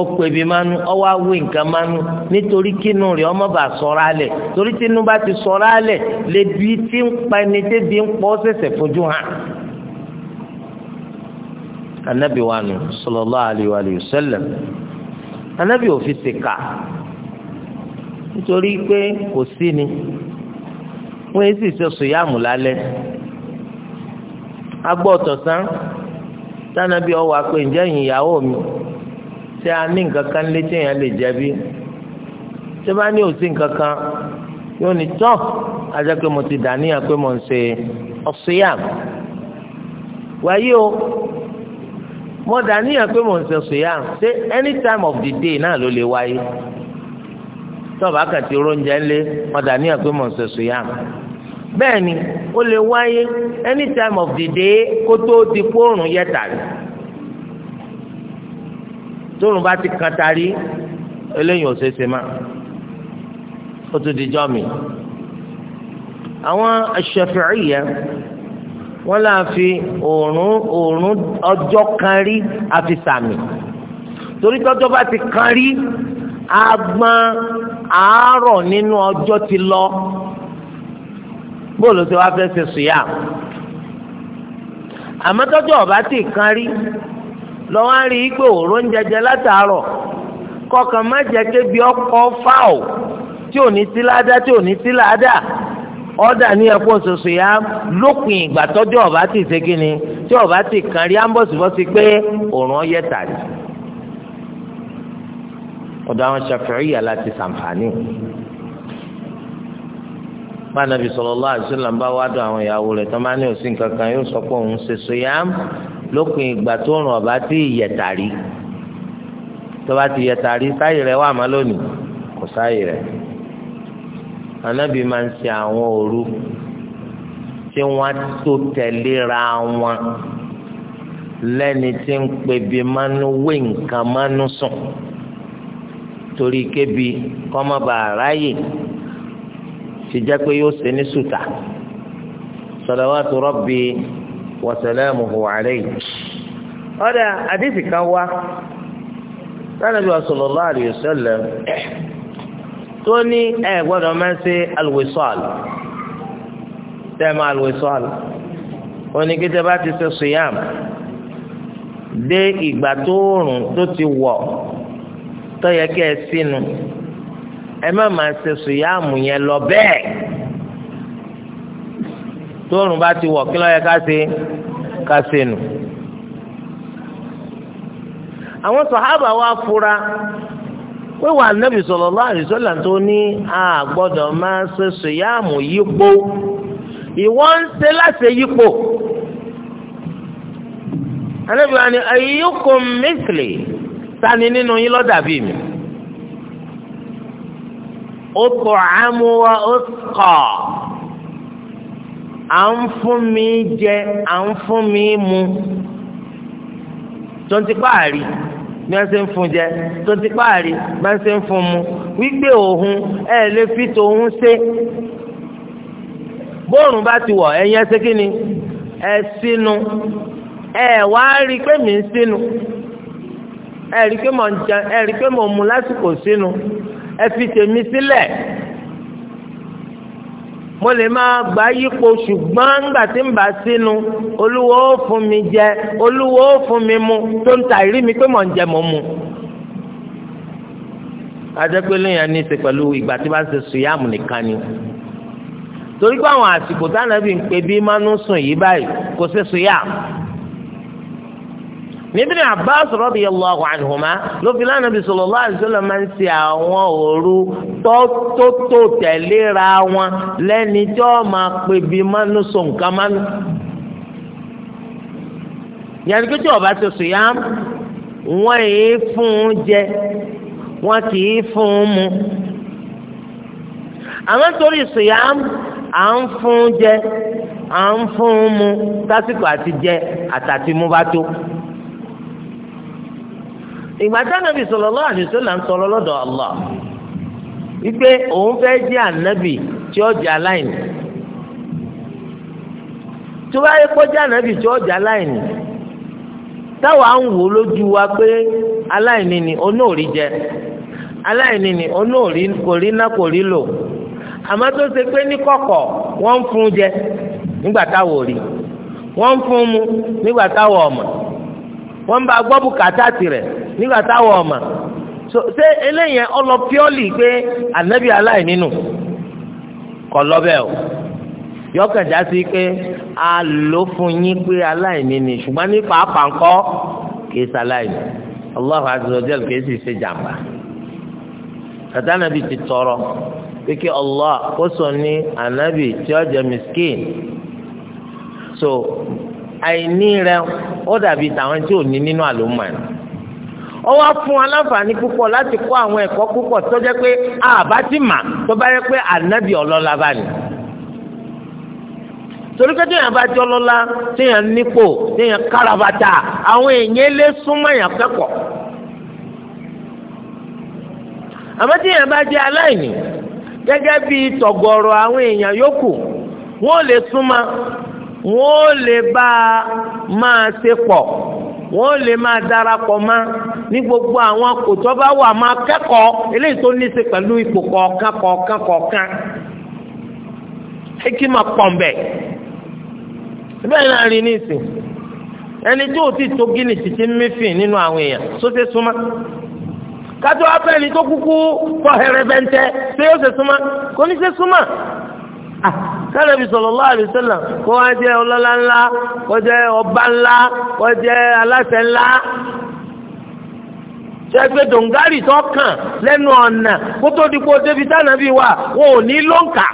ó kó ebi mánú ọwọ́ awé nǹkan mánú nítorí kínú rẹ̀ ọmọ bá sọ̀rọ̀ alẹ̀ torí tínú bá ti sọ̀rọ̀ alẹ̀ lẹ́bi tí ń pa ẹni tẹ́bi ń pọ́ sẹ̀sẹ̀ fojú hàn. anabi wa nù sọlọlọ alayhi wa sallam anabi ò fi nítorí pé kò ni wọ́n yé sì sọ sòyàmù lálẹ́ agbọ́ ọ̀tọ̀sán tánàbí ọwọ́ àpè ǹjẹ́ ìyàwó mi. ṣé a ní nǹkan kan létí èèyàn lè jẹ bí ṣé bá ní òsín nǹkan kan yóò ní tọ́ ajẹ́ pé mo ti dàníyàn pé mo ń ṣe ọ̀ṣùyàm wáyé o mo dàníyàn pé mo ń ṣe ọ̀ṣùyàm ṣé any time of the day náà ló lè wáyé tọ́ọ̀bù àkàtì oróúnjẹ ńlẹ̀ mo dàníyàn pé mo ń ṣe ọ̀ṣùyàm bẹ́ẹ̀ ni ó lè wáyé any time of the day kó tó di fóònù yẹ tàbí tóun bá ti kan tari eléyìí ò ṣe ṣe má ó tún di jọ́mi. àwọn Ṣafi'iyya wọ́n là fi òórùn òórùn ọjọ́ kan rí àfi sàmì torí tọ́jọ́ bá ti kan rí agbọ́n àárọ̀ nínú ọjọ́ ti lọ bóòlù tí wàá fẹ́ ṣe sùyà àmọ́ tọ́jọ́ ọ̀bá ti kan rí lọ́wọ́ á rí i pé òórùn jẹjẹ látàárọ̀ kọkàn má jẹ́ kébi ọkọ̀ fáwọ̀ tí ò ní sí ládá tí ò ní sí ládá ọ̀dà ní ẹ̀kọ́ ṣoṣo yá lópin ìgbà tọ́jú ọ̀bá ti ṣe kí ni tí ọ̀bá ti kàn rí ámbọ̀sibọ́sí pé òórùn ọyẹ tàbí. ọ̀dọ̀ àwọn ṣàfihàn láti ṣàǹfààní. báńdàbí sallallahu alaihi wasallam bá wá dùn àwọn ìyàwó rẹ̀ tó máa ní òsín kankan yóò sọ lópin ìgbà tó rùn ọ̀bá tí ìyẹ̀tàrí tó bá ti yẹ̀tàrí sáyì rẹ̀ wà má lónìí kò sáyì rẹ̀ anábì máa ń ṣe àwọn òru tí wọ́n tó tẹ̀léra wọn lẹ́ni tí ń pebi mánú wé nǹkan mánú sùn torí kébi kọ́mọba ráyè ti jẹ́ pé yóò ṣe ní sùtà salawatu rabbi wa salamuhu alayhi ọ̀dà àdìsí kan wá sanabi sallallahu alayhi wa sallam tó ní ẹ gbọ́dọ̀ máa ń ṣe alwisal tẹmọ alwisal oníkítẹ bá ti ṣe siyam dé ìgbà tóòrùn tó ti wọ̀ tó yẹ kí ẹ sínú ẹ má máa ṣe siyam yẹn lọ bẹ́ẹ̀ tóorùn bá ti wọ̀ kí ló yẹ ká ṣe ká ṣe nù. àwọn sàhábà wa fura wíwà anábì sallallahu alaihi wasallam tó ní a gbọ́dọ̀ máa ṣe sòyàmù yípo ìwọ ń ṣe láṣẹ yípo. anábì wa ni ayyukum mithli tani nínú yín ló dàbí mi. ó tọ̀ àmúwa ó kọ̀ à ń fún mi jẹ à ń fún mi mu tó ń ti páàrí bí wọ́n ṣe ń fún jẹ tó ń ti páàrí bí wọ́n ṣe ń fún mu wípé òun ẹ lè fi tòun ṣe bóòrùn bá ti wọ̀ ẹ̀yin ẹsẹ̀ kí ni ẹ sínú ẹ wá rí i pé mi ń sínú ẹ rí i pé mò ń jẹun ẹ rí i pé mò mu lásìkò sínú ẹ fi tèmi sílẹ̀ mo lè máa gbà yípo ṣùgbọ́n ńgbà tí ń bá sínú olúwo ó fún mi jẹ olúwo ó fún mi mu tó ń ta ìrí mi pé mò ń jẹ mò ń mu. adẹ́pẹ́lẹ́ yẹn ní í ṣe pẹ̀lú ìgbà tí bá ń ṣe sùyàmù nìkan ni torí pé àwọn àsìkò tánàbí ń pè bí mánú sùn yìí báyìí kò ṣe sùyàmù. níbìrì abbas radiyallahu anhuma ló fi lánàá bí sallallahu alaihi máa ń ṣe àwọn òru tótótó tẹ̀léra wọn lẹni tí wọ́n máa pè bí mánú so nǹkan mánú. yàrá kí tí ọba ti sùn yá yìí jẹ wọn kì í fún mu. awọn torí sùn yá à ń jẹ à ń fún mu tásìkò àti jẹ àtàtì mú bá tó. ìgbà tánábì sọlọ alaihi wasallam ń òun fẹ́ jẹ́ ànábì tí ó jẹ́ tí wọ́n yẹ kọjá ànábì tí ó jẹ́ táwa ń wò lójú wa pé aláìní ni onóòrí jẹ aláìní ni onóòrí kò rí ná kò rí lò àmọ́ tó ṣe pé ní kọ̀kọ̀ wọ́n ń fún jẹ nígbà rí ń fún mu nígbà nígbà táwọn ọmọ so ṣé eléyẹn ọlọ píọ́lì pé ànábì aláìní nù kọ lọ́bẹ̀ o yọkànjá sí pé a lò fún yín pé aláìní ni ṣùgbọ́n ní pàápàá ńkọ́ kìí ṣaláìní Allahu azza kìí sì ṣe jàmbá sàtánàbì ti tọrọ pé kí Allah kó sọ ní ànábì miskin so àìní rẹ ó dàbí tàwọn tí ò ní nínú àlòmọ́ ẹ̀. ọ wá fún aláǹfààní púpọ̀ láti kọ́ àwọn ẹ̀kọ́ púpọ̀ tó jẹ́ pé àbá ti mà tó bá yẹ pé ànábì ọlọ́lá bá ní. torí pé téèyàn bá jọ lọ́lá téèyàn nípò téèyàn kárabata àwọn èèyàn lé súnmọ́ èèyàn kẹ́kọ̀ọ́. àmọ́ téèyàn bá jẹ́ aláìní gẹ́gẹ́ bí tọ̀gọ̀rọ̀ àwọn èèyàn yòókù wọ́n lè súnmọ́ wọ́n lè bá a máa ṣe pọ̀ wọ́n lè máa darapọ̀ mọ́ ní gbogbo àwọn kòtò bá wà máa kẹ́kọ̀ọ́ eléyìí tó ní í ṣe pẹ̀lú ipò kọ̀ọ̀kan kọ̀ọ̀kan kọ̀ọ̀kan kí máa pọ̀ mbẹ̀ bẹ́ẹ̀ náà rí nísìn ẹni tí ò ti tó gíní títí mífìn nínú àwọn èèyàn sóṣe súnmọ́ kájọ abẹ́ni tó kúkú fọ́ hẹrẹbẹ́ntẹ́ ṣe súnmọ́ kò ní ṣe súnmọ́ sanabi sallallahu alaihi wasallam kó wá jẹ ọlọ́lá ńlá kó jẹ ọba ńlá kó jẹ aláṣẹ ńlá sẹgbẹ dongari tó kàn lẹ́nu ọ̀nà kó tó di kó débi sanabi wà wọn ò ní lóǹkà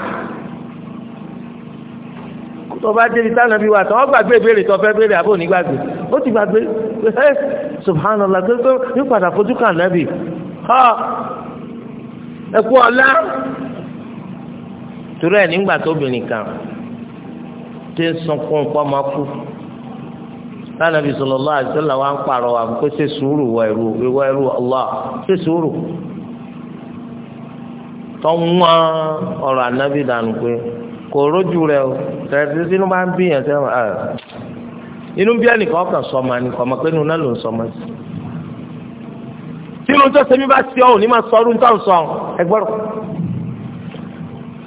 tó bá débi sáà nàbí wa tó wọn gbàgbé ìbéèrè tó fẹ́ béèrè àbò nígbàgbé ó ti gbàgbé ẹ subhanallah gbẹgbẹ ní padà fojú kan nàbí
ọ ẹkú ọlá
torí ẹ̀ nígbà tóbìnrin kan ti ń sunkún pọ́mọ kú lánàbí sallallahu alaihi wasallam wa ń pààrọ̀ wà pé ṣe sùúrù wọ ẹrú ìwọ ẹrú Allah ṣe sùúrù tó ń wọ́n ọ̀rọ̀ ànábì dànù pé kò rójú rẹ o tẹ̀sí sínú bá ń bí yẹn sẹ́wọ̀n ẹ̀ ah. inú bí ẹnìkan kan sọmọ ni kọ̀mọ̀ pé inú náà ló ń sọmọ sí tínú tó ṣe mi bá ṣe ọ́ òní máa sọ ọdún tó ń sọ ẹgbọ́rọ̀.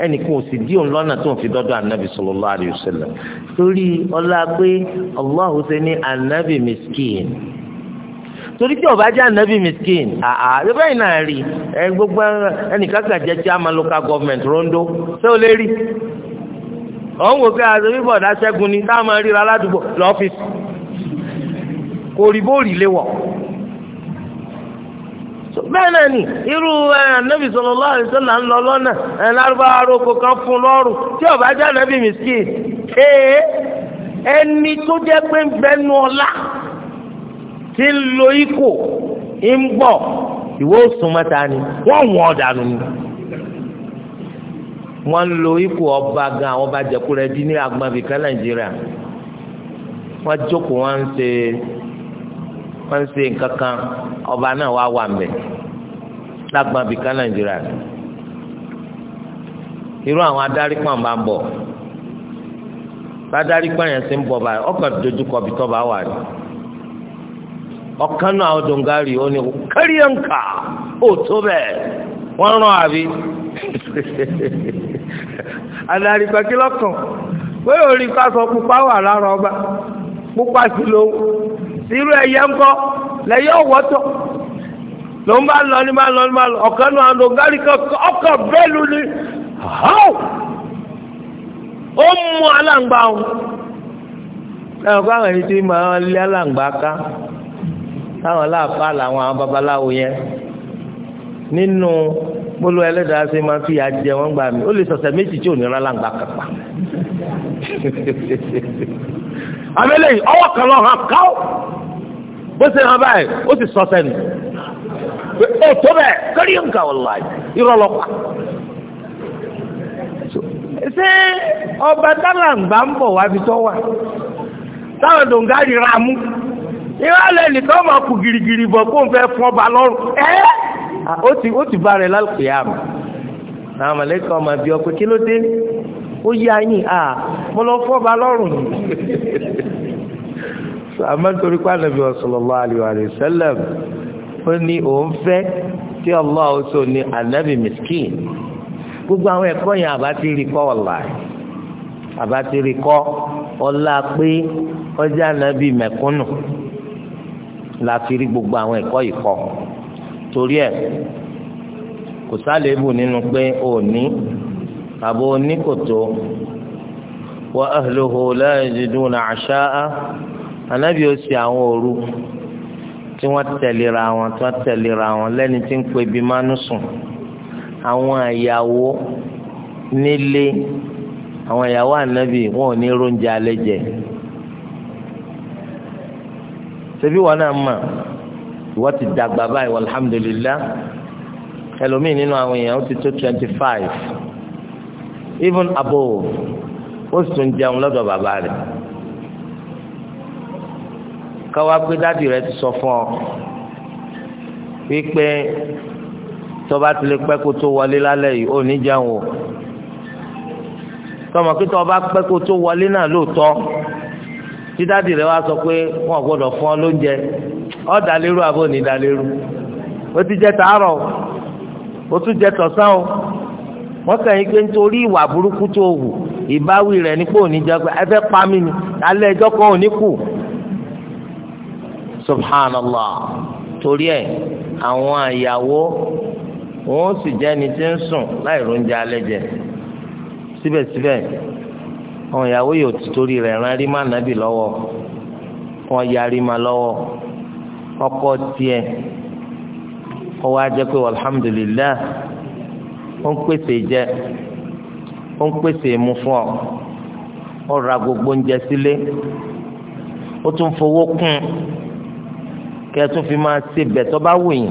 ẹnìkan ò sì dí òun lọ́nà tó ń fi dọ́dọ̀ ànábì sallallahu alayhi wa sallam torí ọlá pé Allahu ṣe ní ànábì miskin torí tí ọba jẹ́ ànábì miskin àà ẹgbẹ́ yìí náà rí ẹ gbogbo ẹnìkan kan jẹ́ chairman local government rondo ṣé o lè rí ọ̀hún wò pé àti bíbọ̀ dáṣẹ́gun ni táwọn máa ríra aládùúgbò lọ́fíìsì kò rí bóòrì léwọ̀ bẹ́ẹ̀ ni irú anabi sallallahu alaihi wasallam ń lọ kan fún lọ́rùn tí ọba jẹ́ anabi ee ẹni tó jẹ́ pé ń ti ń lo ikò ń bọ̀ ìwé ni wọ́n wọ́n ọ̀dànù ni wọ́n ń lo ikò ọba gan ọba jẹkulẹ̀ dín ní nigeria kan nàìjíríà wọ́n jókòó wọ́n ń ṣe wọ́n ọba náà wà mẹ́ta. lágbọn abìkan nàìjíríà irú àwọn adarí kan bá ń bọ̀ bàdarí kan yẹn sì ń bọ̀ báyìí ọkàn dojúkọ bí tọ́ bá wà ní náà ó ní kárìyànká ó tó (laughs) pupa wà lára ọba pupa sí siri irú ẹ̀yẹ ńkọ́ ló ń bá lọ ní bá lọ ní bá lọ ọ̀kan náà ló gárí ọkọ̀ bẹ́ẹ̀lú ni hàn ó mú aláǹgbá o ẹ̀rọ kó àwọn ẹni tí máa lé aláǹgbá ká táwọn aláàfáà làwọn àwọn babaláwo yẹn nínú gbólóhùn ẹlẹ́dàá ṣe máa fi àjẹ wọn gbà mí ó lè sọ̀sẹ̀ méjì tí ò ní rán láǹgbà kápá. àbẹ́lẹ̀ ọwọ́ kan lọ hàn káó bó ṣe hàn báyìí ó sì sọ̀sẹ̀ nù pé ó tó bẹ́ẹ̀ kárí irọ́ ṣé ọba tálàǹgbà ń bọ̀ wá fi tọ́ wà táwọn ra mú ìrọ̀lẹ́ nìkan máa kù bọ̀ kó n fẹ́ fún ọba lọ́rùn ẹ́ ó ti ó oh, ti bá rẹ̀ lálùpẹ̀ yá mi àwọn mọ̀lẹ́kọ̀ ọmọ bíi ọkọ̀ kí ló ó ní òun fẹ́ tí Allah sọ ní anabi miskin gbogbo àwọn ẹ̀kọ́ yẹn àbá ti rí kọ́ ọ̀la àbá ti rí kọ́ ọ̀la pé ọjà anabi mẹ̀kúnnù la fi rí gbogbo àwọn ẹ̀kọ́ yìí kọ́ torí ẹ̀ kò sálẹ̀bù nínú pé òní àbò oníkòtò wa ahluhu la yajiduna asha'a anabi ó sì àwọn òru tí wọ́n tẹ̀léra wọn tí wọ́n tẹ̀léra wọn lẹ́ni tí ń pe bí mánú sùn àwọn ìyàwó nílé àwọn ìyàwó ànábì wọn ò ní róúnjẹ alẹ́ jẹ ṣebí wọn náà mà ìwọ ti dàgbà báyìí alhamdulillah ẹlòmíì nínú àwọn èèyàn ó ti tó twenty five even above ó sì tún jẹun lọ́dọ̀ bàbá rẹ̀ káwá pé dádì rẹ ti sọ fún ọ wípé tọba ti lè pẹ́ kó tó wọlé lálẹ́ yìí ó ní jẹun o tọmọ pé tọba pẹ́ kó tó wọlé náà lóòótọ́ tí dádì rẹ wá sọ pé wọn gbọ́dọ̀ fún ọ lóúnjẹ ọ dàlérú àbò ní dàlérú ó ti jẹ tàárọ̀ ó tún jẹ tọ̀sán o wọn kàn pé nítorí ìwà burúkú tó hù ìbáwí rẹ ní pé òní jẹ pé ẹ fẹ́ pa mí ni alẹ́ ẹjọ́ kan ò kù subhanallah torí ẹ àwọn àyàwó wọn ó sì jẹ́ni tí ń sùn láì róúnjẹ alẹ́ jẹ síbẹ̀síbẹ̀ àwọn ìyàwó yóò ti torí rẹ̀ rán rí má nàbì lọ́wọ́ wọn yarí má lọ́wọ́ ọkọ tiẹ̀ ọwọ́ ajẹ́ pé alhamdulillah ó ń pèsè jẹ ó ń pèsè mu fún ọ ó ra gbogbo oúnjẹ sílé ó tún fowó kún un kẹ́ ẹ tún fi máa ṣe bẹ̀ tó bá wù yín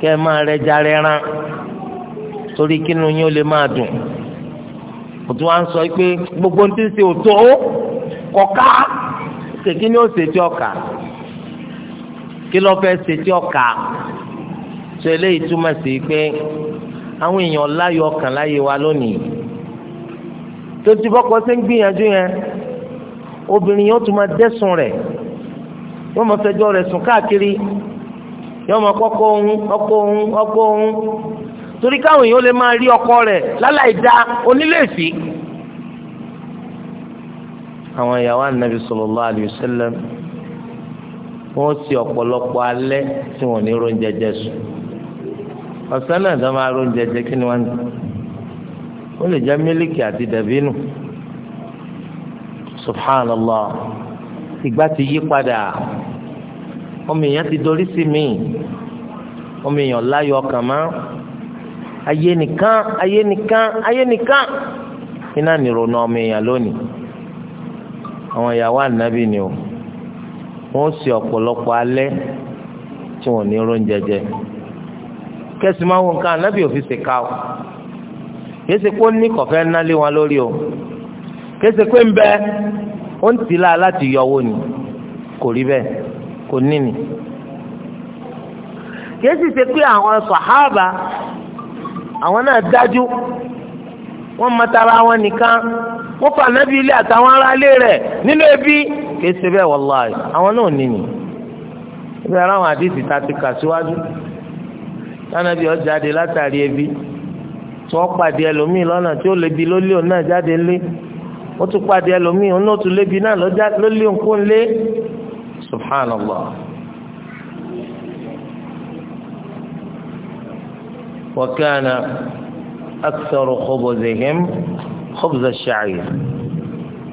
kẹ́ ẹ máa rẹja rẹran torí kínú yín ó lè máa dùn òtún wa ń sọ pé gbogbo ní ṣe òtó kọ̀ọ̀ká kèké ni ó ṣe tí ọkà kí ló fẹ́ ṣe tí ọkà tó eléyìí túmọ̀ sí pé àwọn èèyàn láyọ̀ ọkàn láyé wa lónìí tó ti bọ́kọ sí ń gbìyànjú yẹn obìnrin yóò tún máa dẹ́sùn rẹ̀ yóò mọ fẹjọ́ rẹ̀ sùn káàkiri yóò mọ kọ́kọ́ ohun ọkọ́ ohun ọkọ́ ohun torí káwọn èèyàn lè máa rí ọkọ rẹ̀ láláì dá onílé-èsì. àwọn ìyàwó ànábi sallallahu alayhi wa sallam wọ́n sì ọ̀pọ̀lọpọ̀ alẹ́ tí wọ́n ní róúnjẹ jẹ sùn ọ̀sán náà tó máa róúnjẹ jẹ kí ni wọ́n ní ó lè jẹ mílíkì àti dàbínù subhanallah. ìgbà ti yí padà ọmọ èèyàn ti dorí sí mi ọmọ èèyàn láyọ̀ ọkàn mọ́ ayé nìkan ayé nìkan ayé nìkan iná ọmọ èèyàn lónìí àwọn ìyàwó ànábì ni o wọn sì ọ̀pọ̀lọpọ̀ alẹ́ tí wọn ní rón jẹjẹ kẹsì máa wo nǹkan ànábì ṣe o kẹsì kó ní kọfẹ o kẹsì kó ó ń tì láà láti yọ ni kò rí bẹ́ẹ̀ kò ní ni. kìí sì ṣe pé àwọn sàhábà àwọn náà dájú wọ́n mọtara wọn nìkan wọ́n fa nábì ilé àtàwọn aráalé rẹ̀ nínú ẹbí kìí ṣe bẹ́ẹ̀ wàláì àwọn náà ní ni. ibi ara àwọn àdìsí ta ti kà síwájú tánàbí ọjà jáde látàrí ẹbí tí wọ́n pàdé ẹlòmíì lọ́nà tí ó lè bi lólè òun jáde lé. ó tún pàdé ẹlòmíì ó náà tún lébi náà lọ́jà ló lé nǹkan lé subhanallah. وكان أكثر خبزهم خبز الشعير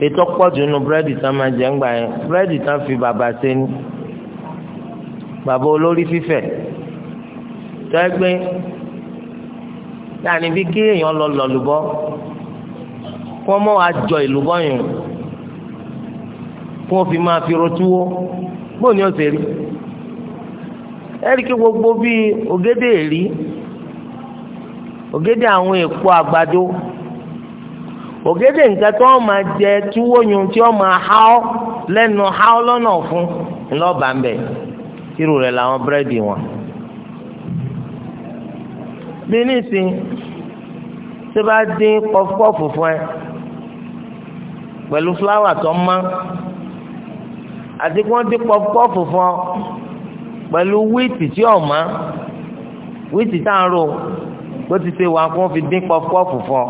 ètò pọ̀jù nínú búrẹ́dì tán máa jẹ ń gbà yẹn búrẹ́dì tán fi bàbà ṣe ní bàbá olórí fífẹ̀ tẹ́gbẹ́ yàní bí kí èèyàn lọ lọ́lùbọ́ wọ́n mọ̀ wá jọ ìlú bọ́yìn kí wọ́n fi máa fi rotúwó bóun ni o ṣe rí ẹ̀rí kí gbogbo bíi ògédè èrí ògédè àwọn èpo àgbàdo ògédè nǹkan tó wọn máa jẹ túwó yun tí wọn máa há ọ lẹ́nu há ọ lọ́nà fún ńlọba ń irú rẹ̀ làwọn búrẹ́dì wọn. bí nísìnyí tó bá dín pọfupọ́fù fún ẹ pẹ̀lú fúláwà tó mọ́ àti kí wọ́n dín pọ́pọ́ọ̀fù fún ọ pẹ̀lú wíìtì tí ò mọ́ wíìtì tá à ń rò bó ti ṣe wà kó wọ́n fi dín pọ́pọ́ọ̀fù fún ọ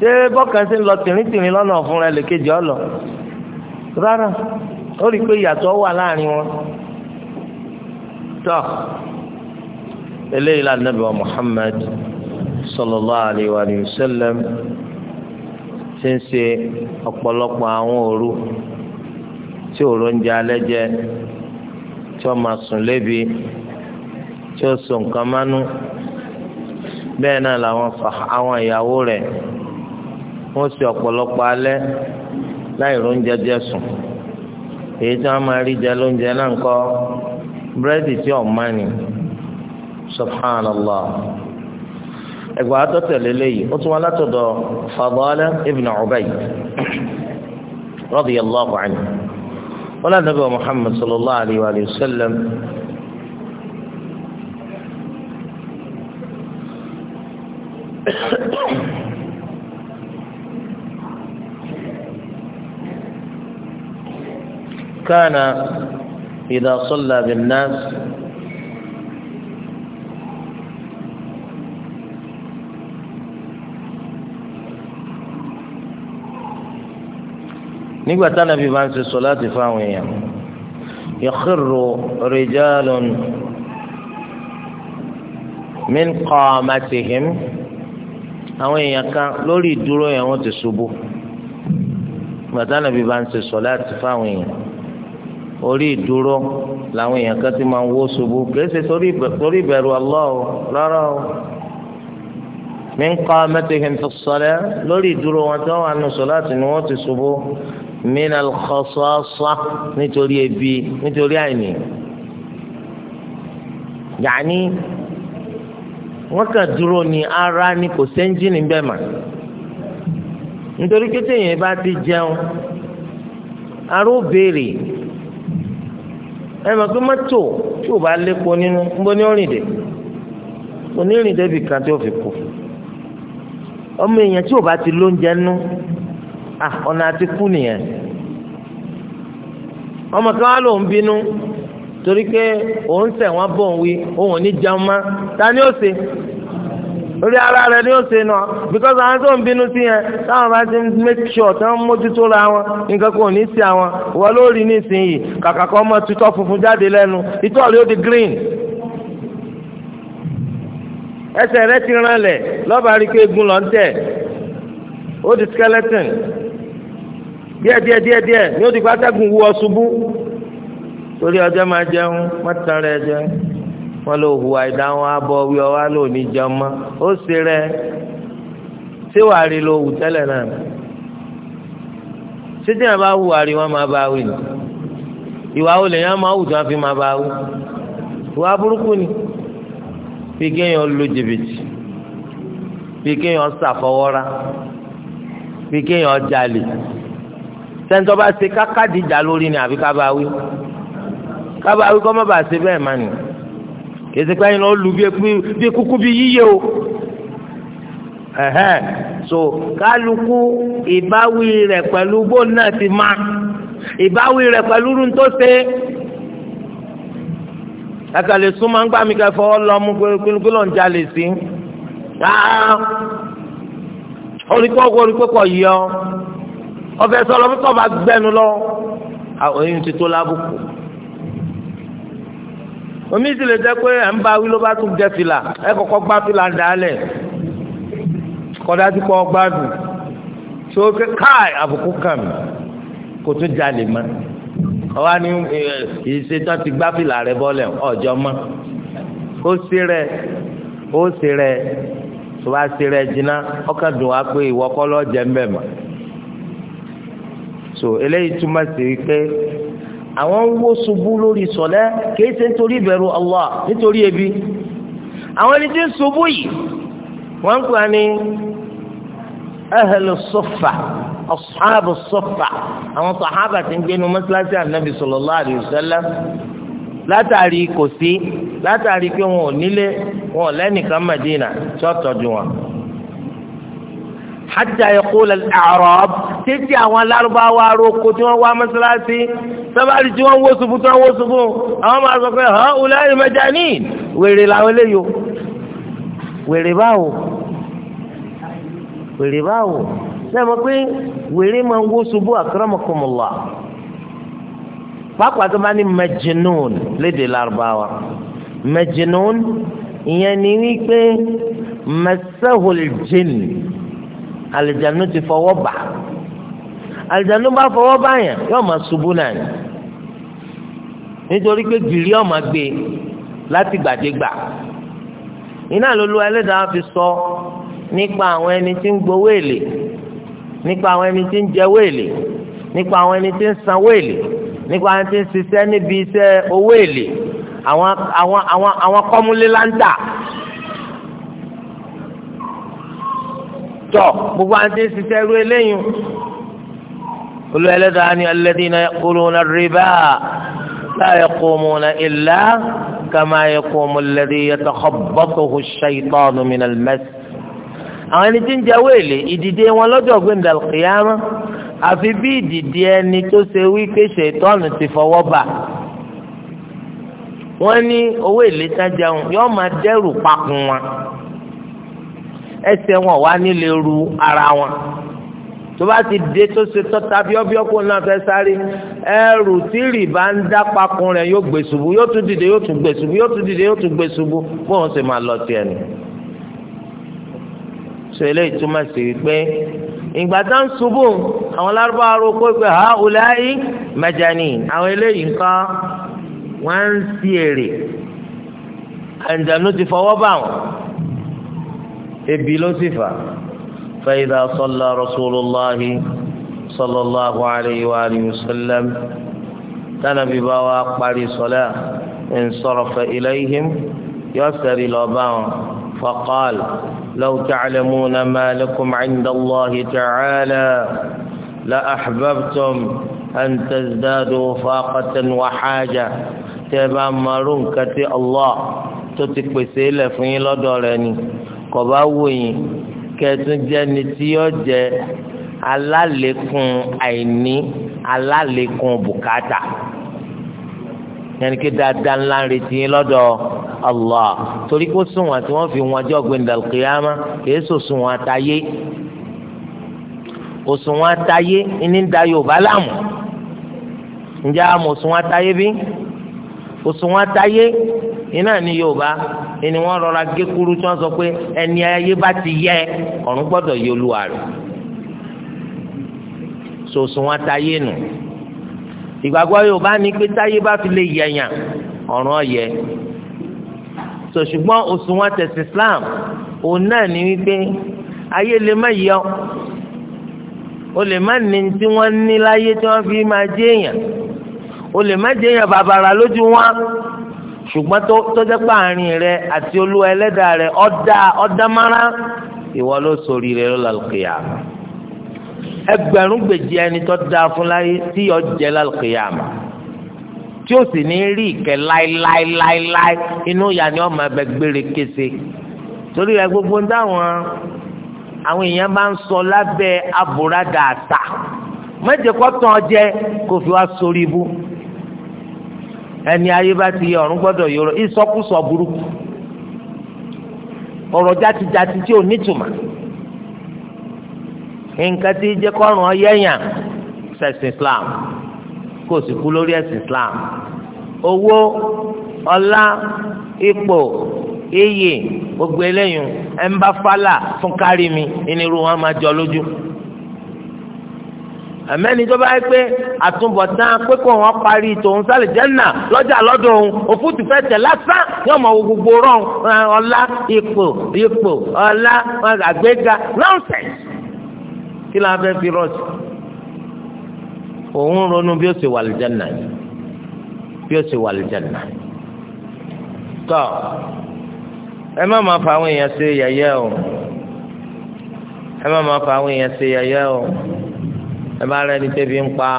ṣé bọ́kàn sí ń lọ tìrìntìrìn lọ́nà ọ̀fun rẹ lè kejì ọ lọ rárá ó rí i pé ìyàtọ̀ wà láàrin wọn tọ́ eléyìí la Ànábì wa Muhammad sallallahu alayhi wa ti ń ṣe ọ̀pọ̀lọpọ̀ àwọn òru tí òru ń jẹ alẹ́ jẹ tí ó máa sùn lébi tí ó sùn nǹkan mánú bẹ́ẹ̀ náà làwọn àwọn ìyàwó rẹ̀ wọ́n ṣe ọ̀pọ̀lọpọ̀ alẹ́ láì jẹ sùn èyí tí wọ́n máa rí jẹ lóúnjẹ náà ń kọ́ búrẹ́dì tí ẹgbàá tọ́tẹ̀lé léyìí ó tún wá látọ̀dọ̀ Fadala ibn ọ̀bẹ́yì Ubayd radiyallahu anhu wala nabi Muhammad sallallahu alayhi wa sallam kánà ìdásọ́lá صلى nígbà tánàbí bá ń ṣe sọ̀láàtì fáwọn èèyàn yakhirru rijalun min qamatihim àwọn èèyàn kan lórí ìdúró yẹn wọ́n ti ṣubú nígbà tánàbí bá ń ṣe sọ̀láàtì fáwọn èèyàn orí ìdúró làwọn èèyàn kan ti máa ń wó ṣubú kìí ṣe torí ìbẹ̀rù Allah rárá o min qamatihim fi s lórí ìdúró wọn tí wọ́n wà nù sọ̀láàtì ni wọ́n ti ṣubú. min al-khasasa nitori ebi nítorí àìní yàní wọ́n kàn ara ni kò sẹ́ńjìnì bẹ́ẹ̀ mà nítorí kété yẹn bá ti jẹun aró béèrè ẹ mọ̀ pé mọ́tò tí ò bá lépo nínú ń bọ́ ní òrìn dé onírìn débi tí ó fi kù ọmọ èèyàn tí ò bá ti lóúnjẹ nú ah ọ̀nà àti kú nìyẹn ọmọ kan wá lòún bínú torí pé òun ṣẹ̀ wọ́n bọ̀ wí òun ò ní jẹun mọ́ ta ni ó ṣe orí ara rẹ ni ó ṣe nà because àwọn tó ń bínú sí yẹn táwọn bá ti ń make sure tí wọ́n mójútó ra wọn nǹkan kò ní sí àwọn wọ́n ló rí nísìnyí kàkà kọ́ ọmọ tutọ́ funfun jáde lẹ́nu ìtọ́ rẹ ó di green ẹsẹ̀ rẹ ti rànlẹ̀ lọ́ba rí i egun ó di skeleton. díẹ̀ díẹ̀ díẹ̀ díẹ̀ ni ó ti gba sẹ́gun wú ọ ṣubú torí ọjọ́ máa jẹun mọ́tàn rẹ jẹun wọn lọ hùwà ìdáhùn abọ́ wí ọ wá lò ní jẹun mọ́ ó ṣe rẹ ṣé wàá rí lo hù tẹ́lẹ̀ náà ṣé tí wọn bá rí wọn máa bá wí ni ìwà olè yẹn máa hù tí wọn fi máa bá wí ìwà burúkú ni bí kéèyàn lu jìbìtì bí kéèyàn ṣàfọwọ́ra bí kéèyàn jalè sẹ́ńtọ́ bá ṣe kákàdì ìjà lórí ni àbí kábàáwí kábàáwí kọ́ mọ́ bá ṣe bẹ́ẹ̀ má ni kèsì pé ẹ̀yin ló lu bí kúkú bí yíyé o so kálukú ìbáwí rẹ̀ pẹ̀lú bóun náà ti má ìbáwí rẹ̀ pẹ̀lú rún tó ṣe akàlẹ̀ súnmọ́ ń gbà mí ká fọwọ́ lọ mú kí ló ń jalè sí orí kọ́kọ́ orí kọ́kọ́ yọ ọfẹ sọlọ fún tọba gbẹnu lọ oyún ti tó lábùkù omi sì lè jẹ pé ẹ ń bá wí ló bá tún jẹ fìlà ẹ kọ́kọ́ gbá fìlà dálẹ̀ kódà tí kò gbádùn tí ó káì àbùkù kàn mí kò tún jalè mọ́ ọwọ́ ni ìṣètò ti gbá fìlà rẹ bọ́lẹ̀ ọjọ́ mọ́ ó sí rẹ ó sí rẹ tó bá sí rẹ jìnnà ọkàn dùn wá pé ìwọ kọ́ lọ́ọ́ jẹ́ ń bẹ̀ so eléyìí túmọ̀ sí wípé awon ń lori ṣubú lórí sọ̀lẹ́ kìí Allah nitori ebi awon ẹni tí ń ṣubú yìí ni, ń pa ahlu suffa ashabu suffa àwọn sàhábà tí ń gbénu mọ́sálásí ànábì sallallahu alaihi wasallam látàrí kò sí látàrí pé wọn ò nílé wọn wọn. حتى يقول الاعراب تيجي اوان الاربا واروكو تيوان وام سلاسي سبع الجوان وصفو تيوان وصفو اوام عزقين هؤلاء المجانين ويري لا وليو ويري باو ويري باو سيما قوي ويري من وصفو اكرمكم الله فاقوا اتماني مجنون لدي الاربا مجنون يعني ويكي مسه الجن àlìjánu ti fọwọ́ bà àlìjánu bá fọwọ́ báyàn yóò máa ṣubú náà ni nítorí pé gìrì ọmọ gbé láti gbàdégbà iná lólu ẹlẹ́dàá fi sọ nípa àwọn ẹni tí ń gbowó èlé nípa àwọn ẹni tí ń jẹwó èlé nípa àwọn ẹni tí ń sanwó èlé nípa àwọn ẹni tí ń ṣiṣẹ́ níbi iṣẹ́ owó èlé àwọn àwọn àwọn àwọn kọ́múlélántà tọ̀ gbogbo àti ṣiṣẹ́ ru eléyìí olú ẹlẹ́dàá ni alladhina ya'kuluna ar-riba la yaqumuna illa kama yaqumu alladhi yatakhabbathuhu ash-shaytanu min al-mas. àwọn ẹni tí ń jẹ wéèlè ìdìde wọn lọ́jọ́ gbẹ̀ndà al-qiyamah àfi bí ìdìde ẹni tó ṣe wí pé ṣètọ́nù ti fọwọ́ bà wọ́n ní owó ìlétájà yóò máa dẹ́rù pakùn wọn ẹsẹ̀ wọn wá nílé ru ara wọn tó bá ti dé tó ṣe tọ́ta bíọ́bíọ́ kó náà fẹ́ sáré ẹrù tí rìbá ń dá pakùn rẹ̀ yóò gbé ṣubú yóò tún dìde yóò tún gbé ṣubú yóò tún dìde yóò tún gbé ṣubú bóun ṣe máa lọ tiẹ̀ nù. sọ eléyìí túmọ̀ sí wípé ìgbà tá ń ṣubú àwọn lárúbáwá ro pé pé ha ò láyé mẹjani àwọn eléyìí nǹkan wọ́n ń sí èrè àǹdànù ti fọwọ́ bá wọn ebi ló sì fà fẹ́ẹ́dà sọ́lá rasulillahi sallallahu alayhi wa sallam tánà bí bá wa parí sọlá ń sọ̀rọ̀ fẹ́ ilayhim yọ sẹ́rí lọ bá wọn faqal law ta'lamuna ma lakum 'inda Allahi ta'ala la ahbabtum an tazdadu faqatan wa haja tẹ́ bá marun kàti Allah tó ti pèsè ilẹ̀ fún yín lọ́dọ̀ rẹ̀ ni kọba wòyìn kẹtùn ni tí yọ jẹ alálẹkùn àìní alálẹkùn bùkátà yẹn ké dada ńlá ń retí yín lọ́dọ̀ Allah torí kó sunwọ̀n tí wọ́n fi wọn jọ gbẹndàlùkìyàmá kìí sọ sunwọ̀n àtàyé òsùnwọ̀n àtàyé ní ń da Yorùbá láàmú ǹjẹ́ àmọ̀ òsùnwọ̀n àtàyé bí òsùnwọ̀n àtàyé iná ní yorùbá ni wọ́n rọra gé kúrú tí wọ́n sọ pé ẹni ayé bá ti yẹ ọ̀run gbọ́dọ̀ yẹ olúwa rẹ̀ sòsùn wọn táyé nù ìgbàgbọ́ yorùbá ní pé táyé bá fi lè yẹ̀yàn ọ̀run ọ̀yẹ sọ òsùn wọn tẹ̀sí islam òun náà ní wípé ayé lè má yọ o lè má ní tí wọ́n ní láyé tí wọ́n fi máa jẹ́ o lè má jẹ́ bàbàrà lójú wọn ṣùgbọ́n tọ́jọ́ pé àárín rẹ àti olúwa ẹlẹ́dàá rẹ ọ̀dà ọ̀dàmárà ìwọ ló sori rẹ lọ́làlùkìyàmà ẹgbẹ̀rún gbèjì ẹni tó dáa fún láyé tí yọ jẹ́ lálùkìyàmà tí ó sì ní rí ìkẹ́ láéláéláéláé inú ìyá ni ọmọ ẹbẹ gbére kése torí rẹ gbogbo ń dáwọn àwọn èèyàn máa ń sọ lábẹ́ àbúradà àtà mẹ́jẹ̀kọ́ tán jẹ́ kó fi wá sórí ibú. ẹni ayé bá ti yẹ ọ̀run gbọdọ yọrọ ìsọkúsọ burúkú ọ̀rọ̀ játijàti tí ò nítumọ̀ nǹkan tí jẹ́ kọ́rùn ọyẹ́yàn ṣẹ̀sìn Islam kò sì kú lórí Islam owó ọlá ipò iyì gbogbo eléyìí ń bá fálà fún kárí mi àmẹ́ni tó bá yẹ pé àtúbọ̀tán pé kò wọ́n parí tòun sálẹ̀ jẹ́nà lọ́jà lọ́dọ̀ òun òfútu fẹ́ tẹ̀ lásán yóò mọ gbogbo rán ọlá ipò ipò ọlá àgbéga nọ́ọ̀sẹ̀sì kí ló ń fẹ́ fi rọ̀ sí. òun ronú bí ó ṣe wà lìjẹ́nà bí ó ṣe wà lìjẹ́nà. tọ́ ẹ má máa fa àwọn èèyàn ṣe yẹ̀yẹ́ o ẹ má máa fa àwọn èèyàn ṣe yẹ̀yẹ́ o. ẹ bá rẹ ní tẹ́bi ń pa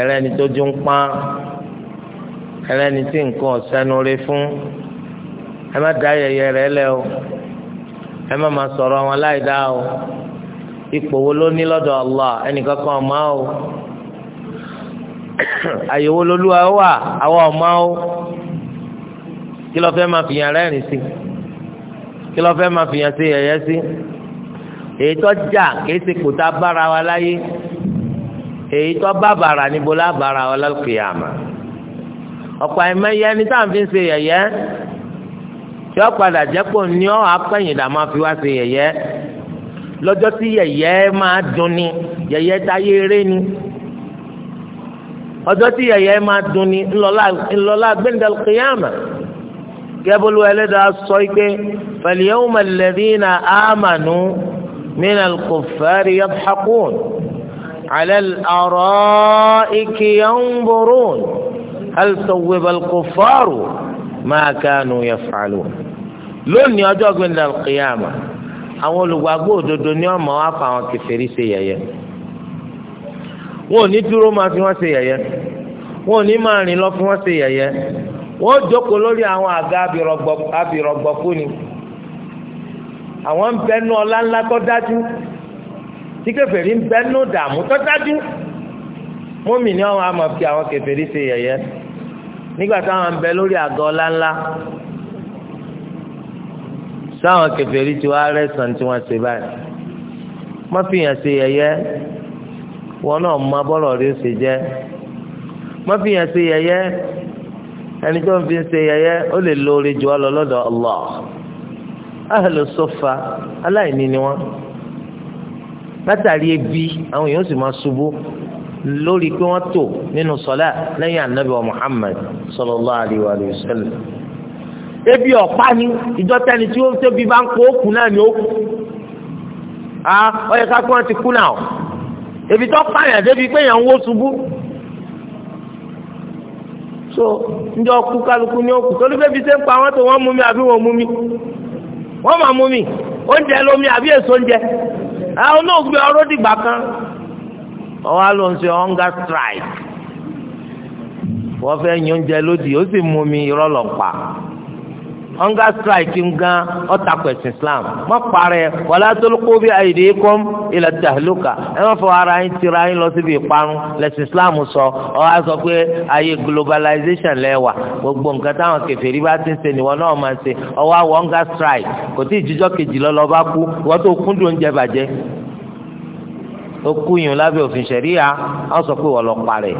ẹlẹ́ni tó dún pa ẹlẹ́ni tí nǹkan ọ̀sẹ́nu rí fún ẹ má o ẹ má má sọ̀rọ̀ wọn o ipò wo ló ní lọ́dọ̀ Allah ẹnìkan o (coughs) àyẹ̀wò lolúwa wà àwọn ọ̀ma o kí ló fẹ́ máa fìyàn rẹ́rìn sí kí ló fẹ́ èyí tó jà kìí ṣe kò tá a bára wa láyé èyí tó bá bàrà níbo lá bàrà wa lálùkìyàmà ọ̀pọ̀ àìmọye ẹni tá à ń fi ṣe yẹ̀yẹ́ tí ó padà jẹ́ pò ní ọ́ apẹ̀yìndà máa fi wá ṣe yẹ̀yẹ́ lọ́jọ́ tí yẹ̀yẹ́ máa dùn ni yẹ̀yẹ́ táyé eré ni ọjọ́ tí yẹ̀yẹ́ máa dùn ni ńlọ́lá gbẹ̀ndẹ̀ kìyàmà gẹ́bùlù ẹlẹ́dàá sọ pé fal yawma alladhina amanu. من الكفار يضحكون على الأرائك ينظرون هل ثوب الكفار ما كانوا يفعلون lónìí ọjọ́ gbẹ̀ndà kìyàmà àwọn olùgbàgbọ́ òdodo ni wọ́n máa wá fa àwọn kèfèrí ṣe yẹ̀yẹ́ wọn ò ní dúró máa fi wọ́n ṣe yẹ̀yẹ́ wọn ò ní máa rìn lọ fi wọ́n ṣe yẹ̀yẹ́ wọn ò jókòó lórí àwọn àga abìrọ̀gbọ̀kú ni àwọn ń bẹnu ọlá ńlá tó dájú tí kèfèrí ń bẹnu dààmú tó dájú mọ́mì ni àwọn àmọ̀ fi àwọn kèfèrí ṣe yẹ̀yẹ́ nígbà táwọn ń bẹ lórí àgọ́ ọlá ńlá sáwọn kèfèrí tí wàá rẹ̀sán tí wọ́n ṣe báyìí má fi yàn ṣe yẹ̀yẹ́ wọn náà má bọ́rọ̀ rí ó ṣe jẹ́ má fi yàn ṣe yẹ̀yẹ́ ẹni tó ń fi ṣe ahlu suffa aláìní ni wọ́n látàrí ebi àwọn èèyàn sì máa ṣubú lórí pé wọ́n tò nínú sọ́lá lẹ́yìn anabi wa muhammad sallallahu alayhi wa sallam ebi ọ̀pá ni ìjọ tẹni tí ó tóbi bá ń kó òkú náà ni ó kú a ọyẹ ká kí wọ́n ti kú náà ebi tó pààyàn débi pé èèyàn ń wó ṣubú so ǹjọ́ kú kálukú ni ó kú torí bébí sẹ́ ń tó wọ́n mú mi àbí wọ́n mú mi wọ́n máa mú mi oúnjẹ lómi àbí èso oúnjẹ àwọn náà gbé ọ̀rọ̀ dìgbà kan ọwọ́ á ń ṣe hunger strike wọ́n fẹ́ yan oúnjẹ lódì ó sì mú mi irọ́ pa ọ̀ǹgá strike gan ọ̀tà pẹ̀sìn islam mọ́ parẹ́ wàlá tó lóko bí àyèdè kọ́m ilẹ̀ tàlùkà ẹ má fọ ara yín tira yín lọ síbi ìparun lẹ́sìn islam sọ ọ wá sọ pé ayé globalization lẹ́wà gbogbo nǹkan táwọn kèfèrí bá ti ń ṣe nìwọ náà máa ń ṣe ọwọ́ àwọ̀ ọ̀ǹgá strike kò tí ì jíjọ́ kejì lọ lọ bá kú wọ́n tó kúndùn oúnjẹ bàjẹ́ ó kú yùn lábẹ́ òfin ṣẹ̀ríyà á sọ pé wọ́n lọ parẹ́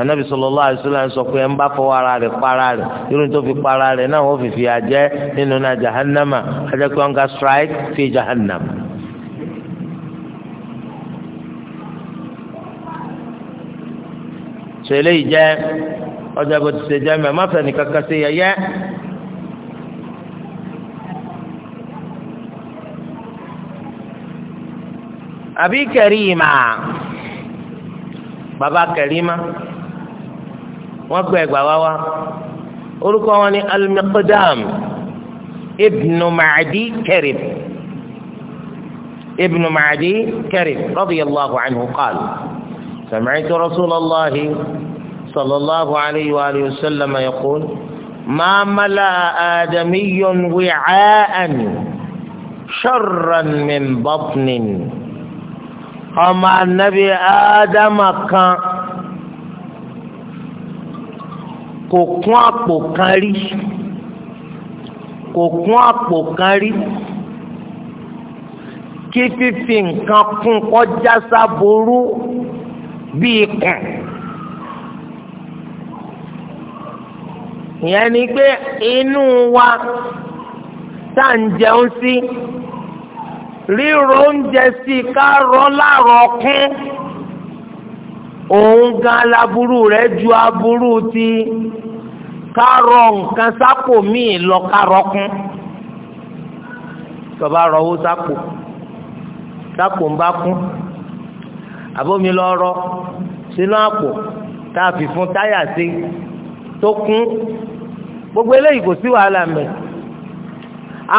anabi sallallahu alaihi wasallam sọ pé ẹ ń bá fọwọ́ ara rẹ̀ para rẹ̀ irun tó fi para rẹ̀ náà wọ́n fìfì àjẹ́ nínú náà jahannama ajẹ́ pé wọ́n ga strike fi jahannam sèlè yìí jẹ ọjà bó ti ṣe jẹ mẹ má fẹ nìkan kan ṣe yẹ̀yẹ́. àbí kẹrìmà bàbá kẹrìmà. wọ́n gba ẹgbàá wá wá orúkọ wọn ni al-Miqdam ibnu Ma'di Karib ibnu Ma'di Karib radiyallahu anhu qala sami'tu rasulallahi sallallahu alayhi wa alihi wa sallam yaqul ma mala'a adamiyyun wi'a'an sharran min batnin ọmọ anabi ádámà kan. kò kún àpò kan rí kò kún àpò kan rí kí fífi nǹkan kún kọjá sáború bíi kùn. ìyẹn ni pé inú wa tá à ń jẹun sí ríro oúnjẹ sí ká rọ láàrọ̀ kún òun gan aláburú rẹ̀ ju aburú ti kárọ̀ nǹkan sápò míì lọ kárọ̀ kún tọba rọwó sápò sápò ń bá kún àbómi lọ rọ sínú àpò tá a fi fún táyà sí tó kún gbogbo eléyìí kò sí wàhálà mẹ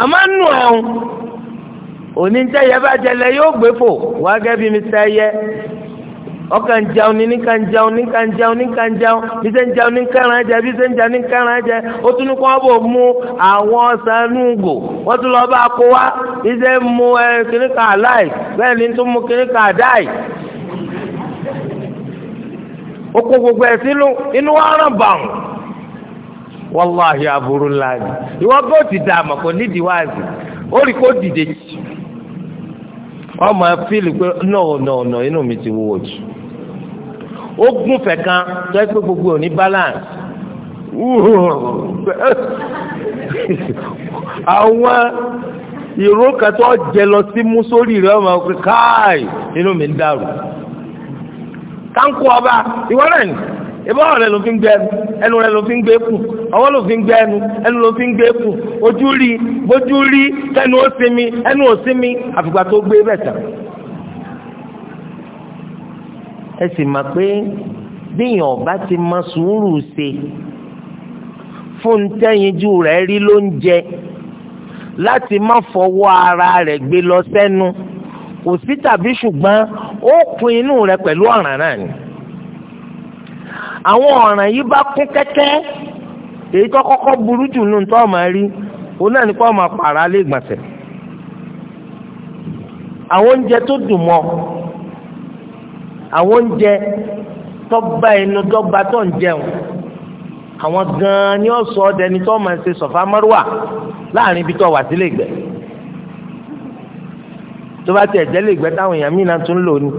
àmọ́ nù ẹ̀hún òní ń tẹ́yẹ bá jẹlẹ yóò gbé fò wá gẹ́bí mi sẹ́yẹ ọkà ń jẹun ní níkà ń jẹun níkà ń jẹun níkà ń jẹun bí ṣe ń jẹun ní kẹrin jẹ bí ṣe ń jẹun ní kẹrin jẹ ó tún ní kó wọn bò mú àwọn wọn tún lọ bá kó bí ń mu ẹ ni tún gbogbo ẹ sínú inú wa ràn wàláhi aburú ńlá ni ìwọ bó ti dà kò ó rí kó dìde ọmọ ẹ fíìlì pé mi ti ó gún fẹ̀ kan tó ẹ pé gbogbo ò ní balance
(laughs)
àwọn ìró kan tó jẹ lọ sí mú sórí rẹ ọmọ pé káì nínú mi ń dàrú kánkó ọba ìwọ náà ni ìbọn ọ̀rẹ́ ló fi ń gbé ẹnu ẹnu rẹ ló fi ń gbé kù ọwọ́ ló fi ń gbé ẹnu ẹnu ló fi ń gbé kù ojú rí bójú rí tẹnu ó sinmi ẹnu ò sinmi àfìgbà tó gbé bẹ̀ tán ẹ sì mọ̀ pé bíyàn ọba ti mọ sùúrù ṣe fún tẹ́yinjú rẹ̀ rí ló ń jẹ láti má fọwọ́ ara rẹ̀ gbé lọ sẹ́nu kò sí tàbí ṣùgbọ́n ó kun inú rẹ̀ pẹ̀lú ọ̀ràn náà ni àwọn ọ̀ràn yìí bá kún kẹ́kẹ́ èyí tó kọ́kọ́ burú jù nù tó máa rí òun náà ní kó máa pààrà lé ìgbọ̀nsẹ̀ àwọn oúnjẹ tó dùn mọ́ ọ àwọn oúnjẹ tọ́ba ẹnu dọ́gba tó ń jẹun àwọn gan-an ni ó sọ ọ́ dẹni tó máa ń ṣe sọ̀fà márùwà láàrin ibi tó wà sílẹ̀ ìgbẹ́ tó bá tiẹ̀ jẹ́ lè gbẹ́ táwọn èèyàn mìíràn tún lò ní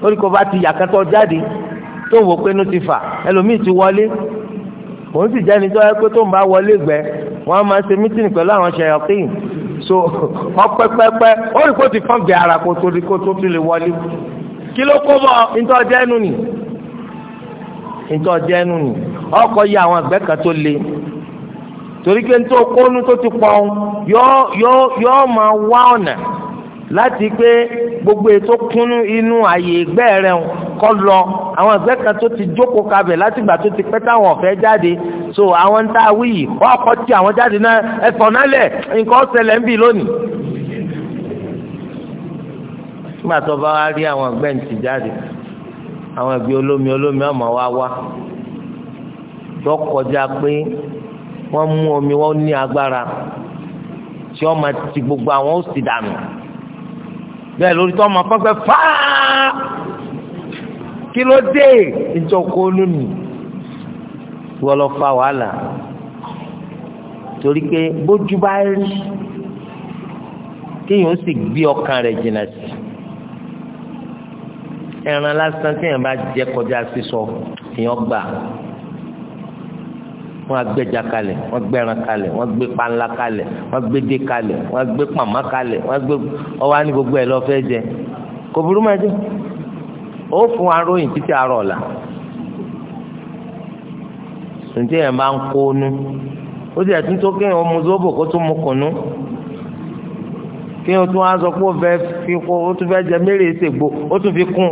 lórí bá ti yàkátọ́ jáde tó wò pé inú ti fà ẹlòmíì ti wọlé òun sì jẹ́ni tó yẹ pé tó ń bá wọlé gbẹ́ wọ́n máa ṣe mítìnì pẹ̀lú àwọn ṣẹ̀yọ̀kìn so ọ̀pẹ́pẹ́pẹ́ ó rí kó ti fọ́n gbé ara kó tó rí kó tó fi lè wọlé kí ló kó bọ̀ ntọ́ jẹ́nu nì ntọ́ jẹ́nu nì ọkọ̀ yẹ àwọn àgbẹ̀ kan tó le torí pé ntọ́ kónú tó ti pọ̀ yọ yọ yọ máa wá ọ̀nà láti pé gbogbo ètò kúnnú inú ààyè ìgbẹ́ rẹ̀ kọ́ lọ àwọn ìgbẹ́ kan tó ti jókòó kabẹ̀ látìgbà tó ti pẹ́ táwọn ọ̀fẹ́ jáde so àwọn ń tá a wí yìí wọ́n kọ́ tí àwọn jáde náà ẹ̀fọ́ nálẹ̀ nǹkan ọ̀sẹ̀ lẹ́ ń bì lónìí nígbà tó bá wá rí àwọn gbẹ̀ǹtì jáde àwọn ẹgbẹ́ olómi olómi ọmọ wa wá tó kọjá pé wọ́n mú omi wọ́n ní agbára tí wọ́n máa ti gbogbo àwọn ó sì dànù bẹ́ẹ̀ lórí tó máa pẹ́pẹ́ fáá kí ló dé ìjọkọ̀ olómi wọ́n lọ fa wàhálà torí pé bójú bá rí kéèyàn ó sì gbé ọkàn rẹ̀ jìnnà sí i ẹran lásán tí èèyàn bá jẹ kọjá sísọ èèyàn gbà wọ́n agbẹja wọn wọ́n gbẹran kalẹ̀ panla wọn wọ́n de kalẹ̀ wọn gbé pàmà kalẹ̀ wọn ọwọ gbogbo ẹ lọ fẹ́ jẹ kò burú jẹ ó fún aróyìn títí àárọ̀ ọ̀la ǹjẹ́ yẹn bá ń kó nu ó kí o tún wá sọ pé o fẹ́ fi kó o tún fẹ́ jẹ mẹ́rin ìṣègbò o tún fi kún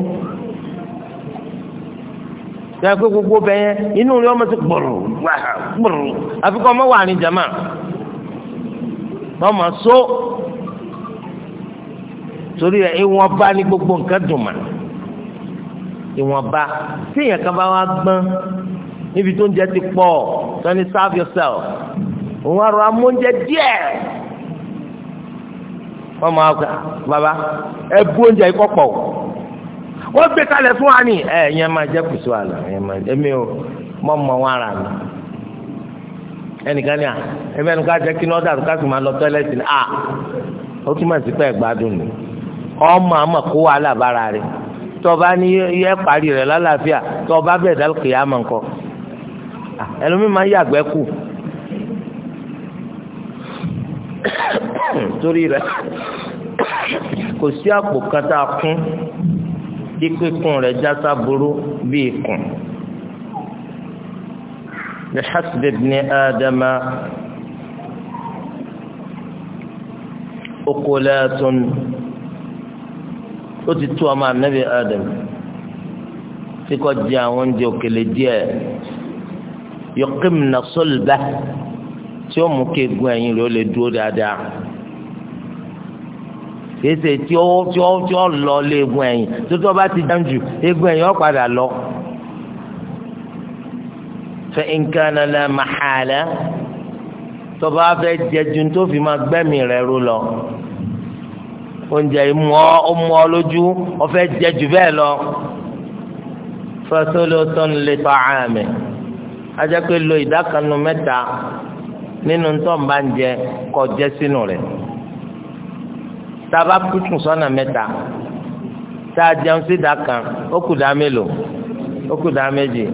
yàrá pé gbogbo bẹ yẹn inú rẹ ọmọ ti gbòòrò gbòòrò àfikún ọmọ wà ní jama ọmọ so torí ẹ ìwọ̀nba ní gbogbo nǹkan dùn mà ìwọ̀nba tí èèyàn kan bá wá gbọ́n níbi tó ń jẹ ti pọ̀ tó ní serve yourself òun á rọ amóúnjẹ díẹ̀ wọ́n máa gbà bàbá ẹ bú oúnjẹ yìí kọ́pọ̀ wọ́n gbé kalẹ̀ fún wa ní ẹ ẹ̀yẹn máa jẹ́ kùsù àlọ́ ẹ̀yẹn máa jẹ́ mi o mọ́ mọ́ wọn ara mi ẹnìkan ní à ẹbí ẹnu ká jẹ kí ní ọdọ àti ká sì máa lọ tọ́lẹ́tì ní à ó túmọ̀ sí pé ẹ̀gbádùn ni ọmọ àmọ̀ kó wàhálà bára rẹ̀ tọba ní yẹ parí rẹ̀ lálàáfíà tọba bẹ̀ dálùkì yà máa ń kọ ẹlòmíì máa ń yàgbẹ́ kù torí rẹ̀
kò sí àpò kan tá a kún
bí pípín rẹ̀ já sáburú bí ikùn. لحسب ابن آدم أقلات ó ti tó ọmọ anabi adam tí kò jẹ àwọn oúnjẹ òkèlè díẹ̀ yọkìm na sọlbà tí ó mú kí egun ẹ̀yìn rẹ̀ ó lè dúró dáadáa kìí ṣe tí ó tí ó tí ó lọ lé egun ẹ̀yìn tó tó bá ti dán jù egun ẹ̀yìn ó padà lọ. fa in kana la mahala tó bá fẹ́ jẹjun tó fi máa gbẹ́mìí rẹ̀ ró lọ oúnjẹ ìmú ọ ọmú ọ lójú ọfẹ́ jẹjù bẹ́ẹ̀ lọ fasolótọ́n lè tọ́ àmì ajẹ́ pé lo ìdákanu mẹ́ta nínú tó ń bá ń jẹ kọjẹ́ sínú rẹ̀ tá a bá kúkú sọ́nà mẹ́ta tá a o sí ìdá kan ó kù dá mélòó ó kù dá méjì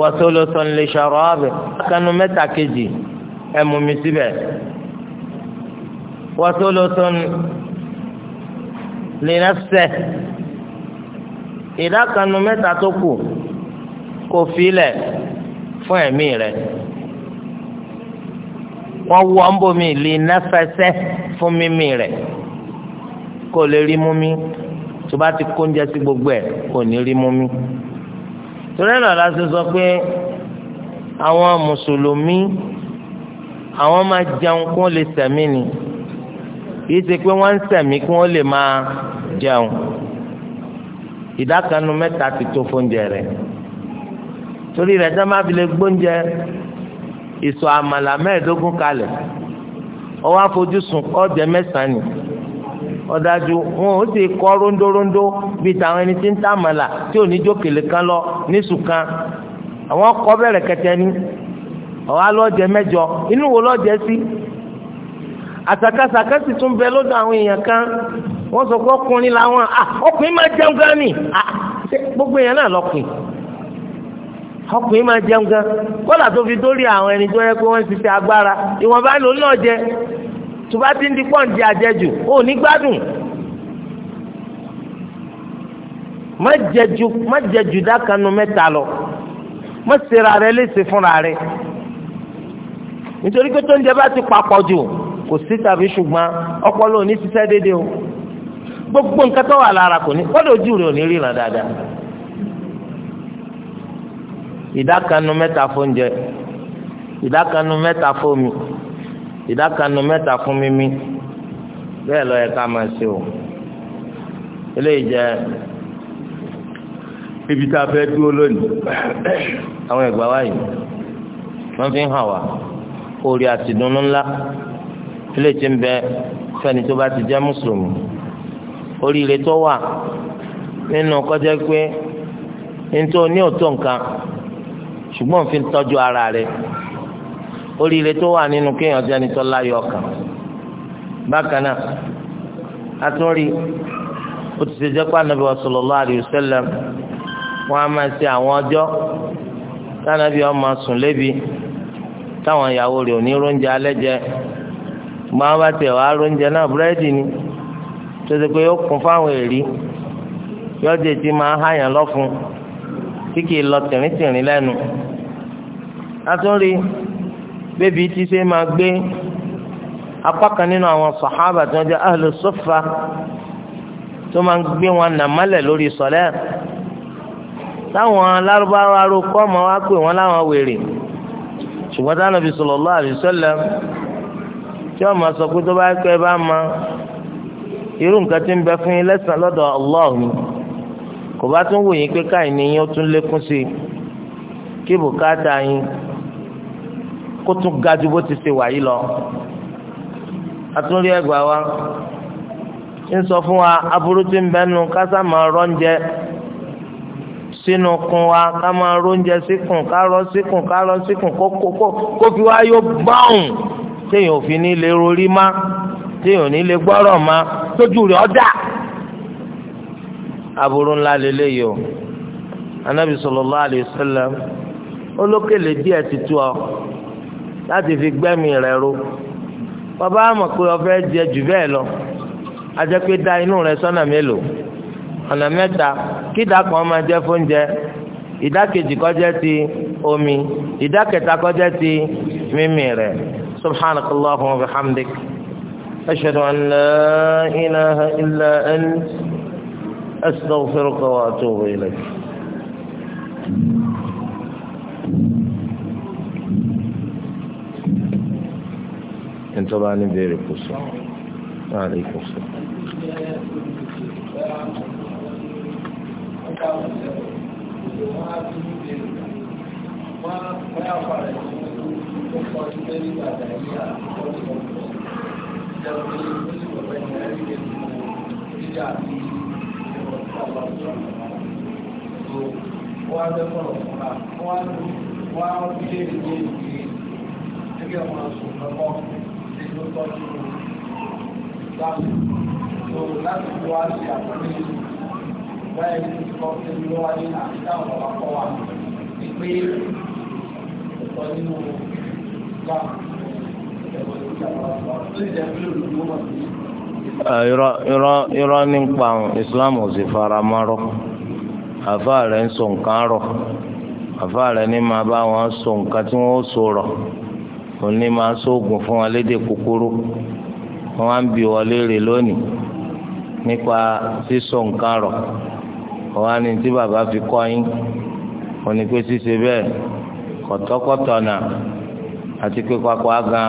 wa thuluthun li sharabi kanu mẹ́ta kejì ẹ̀ mú mi síbẹ̀ wa thuluthun ìdá kanu mẹ́ta tó kù kò filẹ̀ fún ẹ̀mí rẹ̀ wọ́n wọ́n bomi lè nẹ́fẹsẹ́ fún mímí rẹ̀ kò lè rí mú mi tó bá ti kó sí gbogbo ẹ̀ kò ní rí mú mi. torí ẹ̀rọ la ṣe sọ pé àwọn mùsùlùmí àwọn máa jẹun kí wọ́n lè sẹ̀mí ni kì í ṣe pé wọ́n ń sẹ̀mí kí wọ́n lè máa jẹun ìdákanu mẹ́ta ti tó fóúnjẹ rẹ̀ torí rẹ̀ dáná fi lè gbóúnjẹ ìsọ̀ àmàlà mẹ́ẹ̀ẹ́dógún kalẹ̀ ọwọ́ àfojúsùn ọ̀jẹ̀ mẹ́sàn-án ni ọ̀dájú wọn ò sì kọ́ rondórondó bíi tàwọn ẹni tí ń tà màlà tí ò ní jókèlè kan lọ ní sùkàn àwọn kọ́ bẹ̀rẹ̀ kẹtẹ ni ọ̀hà lọ́jẹ mẹ́jọ inú wo lọ́jẹ sí àsàkàsàkà sì tún bẹ lọ́dọ̀ àwọn èèyàn kan wọ́n sọ pé ọkùnrin làwọn ah, ọkùnrin máa jẹun gan ni ah, gbogbo èèyàn náà lọ́kùnrin ọkùnrin máa jẹun gan kọ́là tó fi dórí àwọn ẹni tó yẹ pé wọ́n ti fi agbára ìwọ̀nba lòun náà jẹ tó bá ti ń di pọ́ǹdì àjẹjù ò ní gbádùn má jẹjù má jẹjù dákanu mẹ́ta lọ má ṣera rẹ léṣe fúnra rẹ nítorí pé tó ń jẹ bá ti papọ̀ jù kò sí tàbí ṣùgbọ́n ọpọlọ ò ní ṣiṣẹ́ déédéé o gbogbo nǹkan tó wà lára kò ní kọ́dọ̀ ojú rẹ̀ ò ní ríran dáadáa ìdákanu mẹ́ta fóúnjẹ ìdákanu mẹ́ta fómi ìdákanu mẹ́ta fún mímí bẹ́ẹ̀ lọ yẹ ká máa ṣe o eléyìí jẹ́ ibi tá a fẹ́ dúró lónìí àwọn ìgbà wáyé wọ́n fi ń hàn wá orí àtìdùnnú ńlá eléyìí ti ń bẹ fẹ́ni tó bá ti jẹ́ mùsùlùmí oríire tó wà nínú kọjá pé nítorí ní òótọ́ nǹkan ṣùgbọ́n fi tọ́jú ara rẹ̀. oríire tó wà nínú kéèyàn jẹni tó láyọ̀ ọkàn bákan náà atúnrí ó ti ṣe jẹ́ pé ànábì sallallahu alaihi wasallam wọ́n á máa ṣe àwọn ọjọ́ tánàbí ọmọ sùn lébi táwọn ìyàwó rẹ̀ ò ní róúnjẹ alẹ́ jẹ ni tó pé ó kún fáwọn èrí yọjẹ ma máa háyàn lọ́fun tí kì í lọ tìrìntìrìn lẹ́nu atúnrí. bébí tí ṣe ma gbé apá kan nínú àwọn sàhábà tí wọ́n jẹ́ ahlu to tó máa ń gbé wọn nàmálẹ̀ lórí sọ̀lẹ́ táwọn alárúbáwá arókọ́ ọmọ wa pè wọ́n láwọn wèrè ṣùgbọ́n táwọn Ànábì sallallahu alaihi wasallam tí wọ́n máa sọ pé tó bá kẹ́ bá ma irú nǹkan ti ń bẹ fún yín lẹ́sàn Allah kò bá tún pé káyìn ni yín ó tún kó tún ga ju bó ti ṣe wà yìí lọ atúndí ẹgbàá wa ń sọ fún wa aburú tí ń bẹnu kásá máa rọ́ǹjẹ sínú kun wa ká máa rọ́ǹjẹ síkùn ká rọ́ síkùn ká rọ́ síkùn kó kó kó kó fi wá yóò gbọ́hùn téèyàn ò fi ní lè rorí má téèyàn ò ní lè gbọ́rọ̀ má tójú rẹ̀ ọ́dà aburú ńlá lélẹ́yìí o anabi sallallahu alaihi wasallam olókèlè díẹ̀ ti tú ọ láti fi gbẹ́mí rẹ̀ ro bàbá àmọ̀ pé ọbẹ̀ jẹ jù bẹ́ẹ̀ lọ ajẹ́ pé da inú rẹ̀ sọ́nà mélòó ọ̀nà mẹ́ta kí ìdá kan máa jẹ́ fóúnjẹ ìdá kejì kó jẹ́ ti omi ìdá kẹta kó jẹ́ ti mímì rẹ̀ subhanaka allahumma wa bihamdik ashhadu an la ilaha illa ant astaghfiruka wa atubu ilayk. tó bá ní béèrè kò sọ. Alaikum salaam. Wọ́n
á bí lè rí ní ìgbé ẹgbẹ́ ọmọ ọ̀sùn lọ́kọ́. is no touch to
Islam. ò sì fara àfa ń sọ nǹkan àfa ní bá wọn sọ nǹkan tí ó sọ òní máa ń sóògùn fún wa lédè kúkúrú wọn á ń bi wọn léèrè lónìí nípa sísọ nǹkan rọ wọn á ní tí bàbá fi kọ́ yín òní pé ṣíṣe náà àti pé agan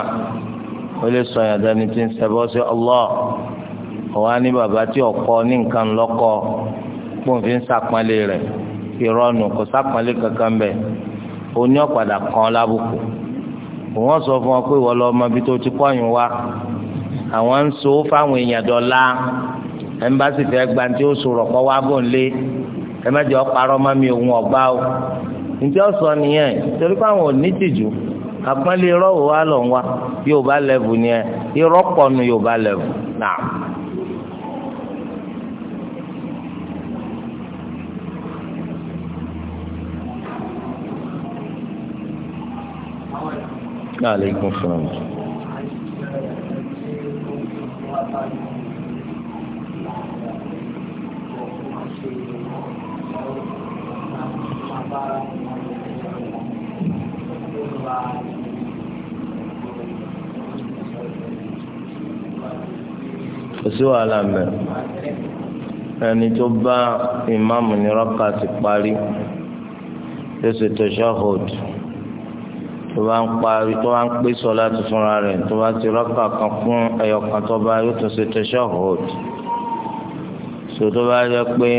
ó lè sọ ní ti ń ṣẹbọ sí Allah wọn á ní bàbá tí ọkọ ní nǹkan lọ́kọ pòǹfin sàpọ́nlé rẹ̀ ìrọ́nù kò sàpọ́nlé kankan bẹ́ẹ̀ oní ọ̀padà kan lábùkù. wọn sọ fún ọ pé wọ́n lọ ọmọ ibi tó ti kọ́yìn wa àwọn ń so fáwọn èèyàn dọ́là ẹ̀ńbásí fẹ́ gba tí ó sọ̀rọ̀ kọ́ wá bò ń lé mi òun ọba o ǹjẹ́ ó nìyẹn torí pé àwọn tìjú àpọ́nlé ni
Alaikum salaam.
kò sí wàhálà mẹ ẹni tó bá ìmáàmù ní rákà ti parí yóò ṣe tashahhud tó bá ń parí tó bá ń pè sọlá tó fúnra rẹ̀ tó bá ti rọ́kà kan fún ẹyọkan tó bá yóò tún ṣe tashahhud so tó bá yẹ pé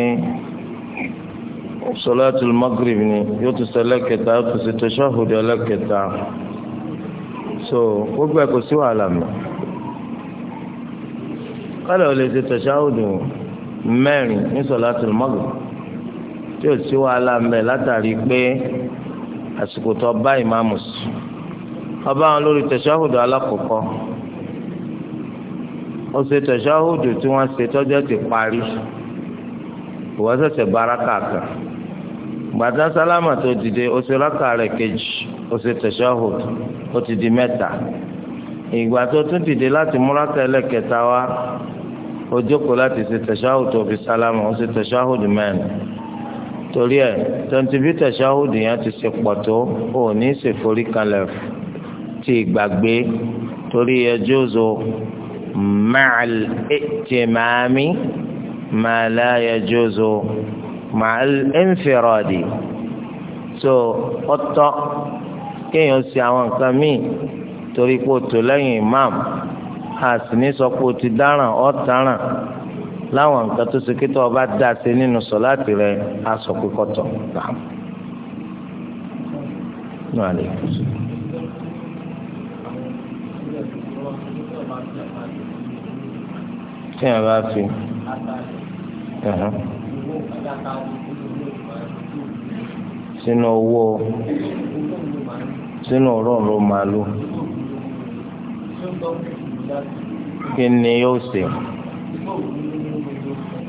sọlá tó magrib ni yóò tún ṣe lẹ́kẹta yóò tún ṣe tashahhud ẹlẹ́kẹta so gbogbo ẹ̀ kò sí wàhálà mi kálọ̀ lè ṣe tashahhud mẹ́rin ní sọlá tó magrib tí ò sí wàhálà mẹ́ látàrí pé àsìkò tó bá ìmáàmù sùn ọba àwọn lórí tẹ̀síwáhùdù alákọ̀ọ́kọ́ ó ṣe tẹ̀síwáhùdù tí wọ́n ṣe tọ́jọ́ ti parí ìwọ́ sẹ̀sẹ̀ baraka kan gbàtà sálámà tó dìde ó ṣe rákà rẹ̀ kejì ó ṣe tẹ̀síwáhùdù ó ti di mẹ́ta ìgbà tó tún dìde láti mú rákà wá ó jókòó láti ṣe tẹ̀síwáhùdù ó fi sálámà ó ṣe tẹ̀síwáhùdù mẹ́rin torí ẹ tọ́ntìbítà ṣáhùdù yẹn ti ṣe pọ̀ tó ò ní ṣe forí kalẹ̀ ti gbàgbé torí ẹ jóso ma'al i'timami ma la yajuzu ma'al infiradi so ọtọ kéèyàn ṣe àwọn nǹkan míì torí pé o tò lẹ́yìn imam a sì ní sọ pé o ti dáràn ọ̀ tàràn láwọn nǹkan tó ṣe kí tó ọba dá ṣe nínú sọláàtì rẹ á sọ pé kọtọ náà. tí a bá fi sínú owó sínú òróǹro màálù kí ni yóò ṣe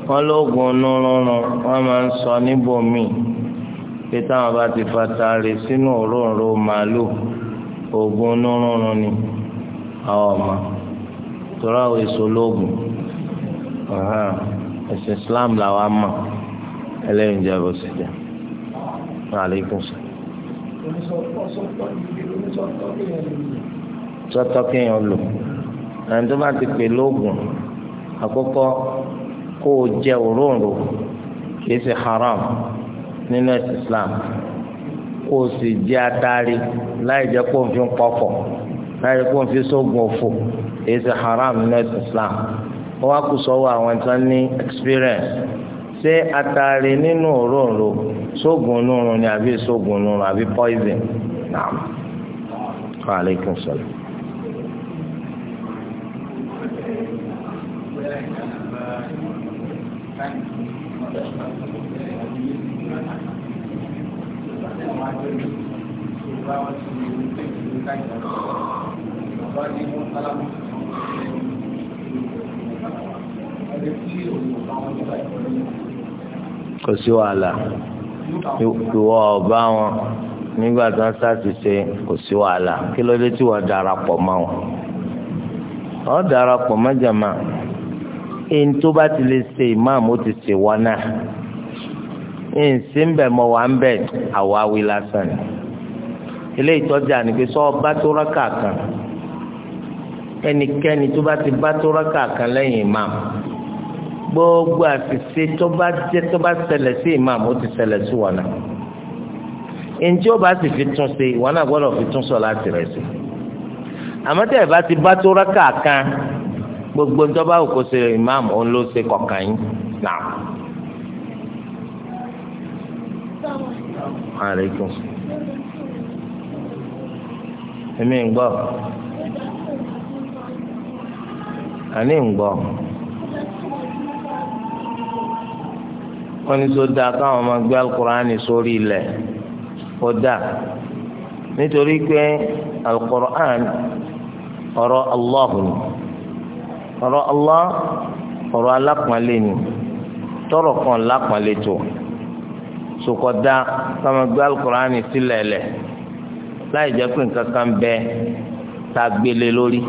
wọn lóògùn onírúurú wọn máa ń sọ níbòmí pé táwọn bá ti fata rè sínú òróǹro màálù oògùn onírúurú ni àwọn ọmọ tọ́lá àwọn èso lóògùn ẹ̀sìn Islam làwọn á mọ̀ ẹlẹ́yìn jẹ́ bó ṣe jẹ́ aleykum sọ. sọ́tọ́ kéèyàn lò ẹni tó bá ti pè lóògùn àkọ́kọ́ kó o jẹ òróǹro kìí ṣe haram nínú ẹ̀sìn islam kó o sì jẹ atari láì jẹ kó o fi ń pọkọ láì jẹ kó o fi sógun òfò kìí ṣe haram nínú ẹ̀sìn islam wọ́n wá kó sọ́wọ́ àwọn tí wọ́n ní experience ṣé atari nínú òróǹro sógun nínú ni àbí sógun nínú àbí poison naam. Wa alaikum salaam. kò sí wàhálà ìwọ ọba wọn nígbà tí wọn ṣàṣìṣe kò sí wàhálà kí ló dé tí wọn darapọ̀ mọ́ wọn ọ darapọ̀ mọ́ jàmáà ẹni tó bá ti lè ṣe ìmáàmù ti ṣe wọn náà ìsìn bẹ̀ mọ̀ wá ń bẹ̀ àwáwí lásán ni ilé ìtọ́jà ni pé sọ bá tó rákà kan ẹnikẹ́ni tó bá ti bá tó rákà kan lẹ́yìn ìmáàmù gbogbo àṣìṣe tó bá jẹ́ tó bá ṣẹlẹ̀ sí ìmáàmù ó ti ṣẹlẹ̀ sí wọn náà ǹjẹ́ bá sì fi tún ṣe ìwọ náà fi tún sọ láti rẹ̀ sí àmọ́ bá ti bá tó gbogbo ń tọ́ba òkú ṣe imam òun ló ṣe kọ̀ọ̀kan yín náà. Alaikum. Èmi ń gbọ́. Àní ń gbọ́. Wọ́n ní sọ dáa káwọn máa gbé Al-Qur'ani sórí ilẹ̀. Ó dáa. Nítorí pé Al-Qur'an ọ̀rọ̀ Allah. ni. ọ̀rọ̀ Allah ọ̀rọ̀ alápọ̀nlé tọrọ kan lápọ̀nlé tó sokọdá kama gbé sílẹ̀ lẹ̀ láì jẹ́ pé nǹkan kan bẹ tá a gbélé lórí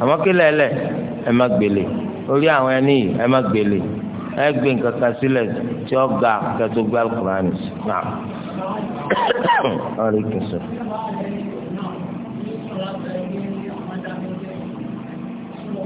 àmọ́ kílẹ̀ lẹ̀ ẹ má gbélé lórí àwọn ẹni ẹ má gbélé ẹ gbé nǹkan kan ga kẹtó gbé (coughs)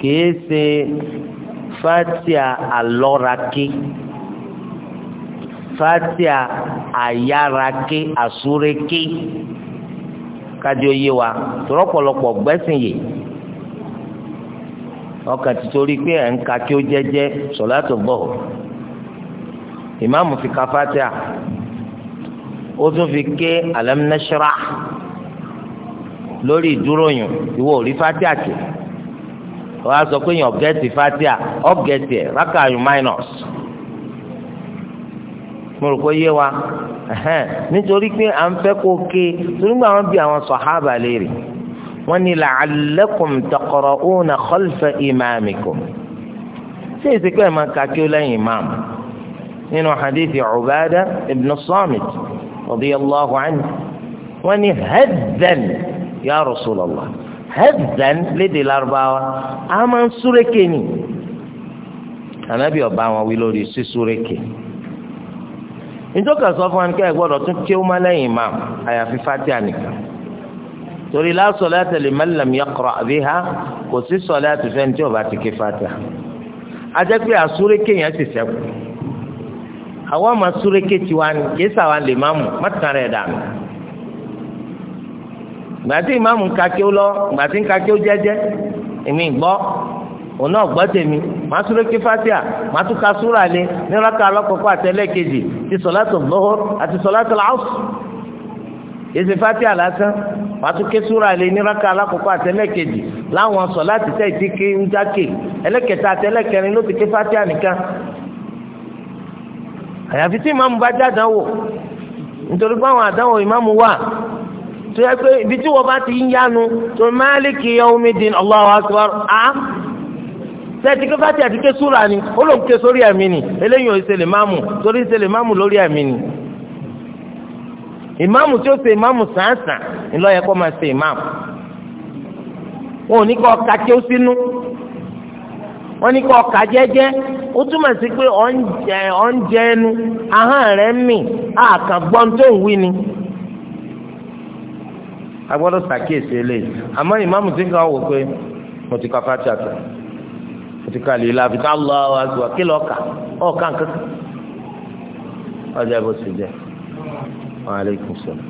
kìí ṣe fatia alọ́rake fatia ayárake àsúreke kájí oyé wa tọrọ pọ̀lọpọ̀ gbẹ́sìn yìí ọkàn títorí pé ẹ̀ ń ka kí ó jẹ́jẹ́ sọ̀látò bọ̀ ìmáàmù fi ka fatia ó tún fi ké alamnashra lórí ìdúró ìwọ ò fatia kìí wọ́n á sọ pé yàn ọ̀gẹ́tì fatia ọ̀gẹ́tì ẹ̀ rákàyùn minus mo rò pé yé wa nítorí pé à ń fẹ́ kó ké torí gbà wọ́n bí àwọn sọ̀hábà léèrè wọ́n ní la'allakum taqra'una khalfa imamikum ṣé ìsìnkú ẹ̀ máa ka kí ó lẹ́yìn ìmáàmù nínú hadithi Ubadah ibn Samit radiyallahu anhu wọ́n ní haddan ya Rasulallah hezan léde Lárúbáwá a máa ń súrékè ni ànábì ọba wọn wí lórí sísúrékè nítorí sọ fún wa ní kí tún kí ó má lẹ́yìn imam àyàfi Fatiha nìkan torí la salata liman lam yaqra' biha kò sí sọlá àtúnṣe ní tí ó ti ké Fatiha ajẹ́ pé àsúrékè yẹn ti sẹ́kù àwọn àmà súrékè tiwa ni kì í sàwọn lè má mú mọ́tàn rẹ̀ dànù. gbàtí ìmáàmù ń ka kí ó lọ gbàtí ń ka ó èmi fatia màá tún ka súrà lé ní rákà alákọ̀ọ́kọ́ àtẹlẹ́kejì ti sọ̀látò lọ́wọ́ àti fatia lásán màá tún ké súrà lé ní rákà alákọ̀ọ́kọ́ àtẹlẹ́kejì láwọn sọ̀látì tẹ̀ ti ké
fatia nìkan
àyàfi tí ìmáàmù bá jáde nítorí ìmáàmù tó yẹ pé ibi tí wọ́n bá ti ń yánu tó máàlìkì yawmiddin Allahu akbar á tẹ́tí ké bá ti àti ké súra ni ó lòun ké sórí ẹ̀mí ni eléyìí ò ṣe lè máàmù torí ṣe lè máàmù lórí ẹ̀mí ni ìmáàmù tí ó ṣe ìmáàmù sàǹsàn ńlọ yẹ kó máa ṣe ìmáàmù wọn ò ní kọ́ ọ̀ka tí ó sínú wọn ní kọ́ ọ̀ka jẹ́jẹ́ ó túmọ̀ sí pé ọ̀ ń jẹ ẹnu ahọ́n rẹ̀ ń mì àkàngbọ́n tó ń wí ni. a gbọ́dọ̀ ṣàkíyèsí àmọ́ ìmáàmù tí ń kàn wò pé mo ti ka fati àtọ̀ mo ti ka lè la fi àgbà kí lọ kà ọ̀ ọjà bó ti jẹ wa aleykum salaam.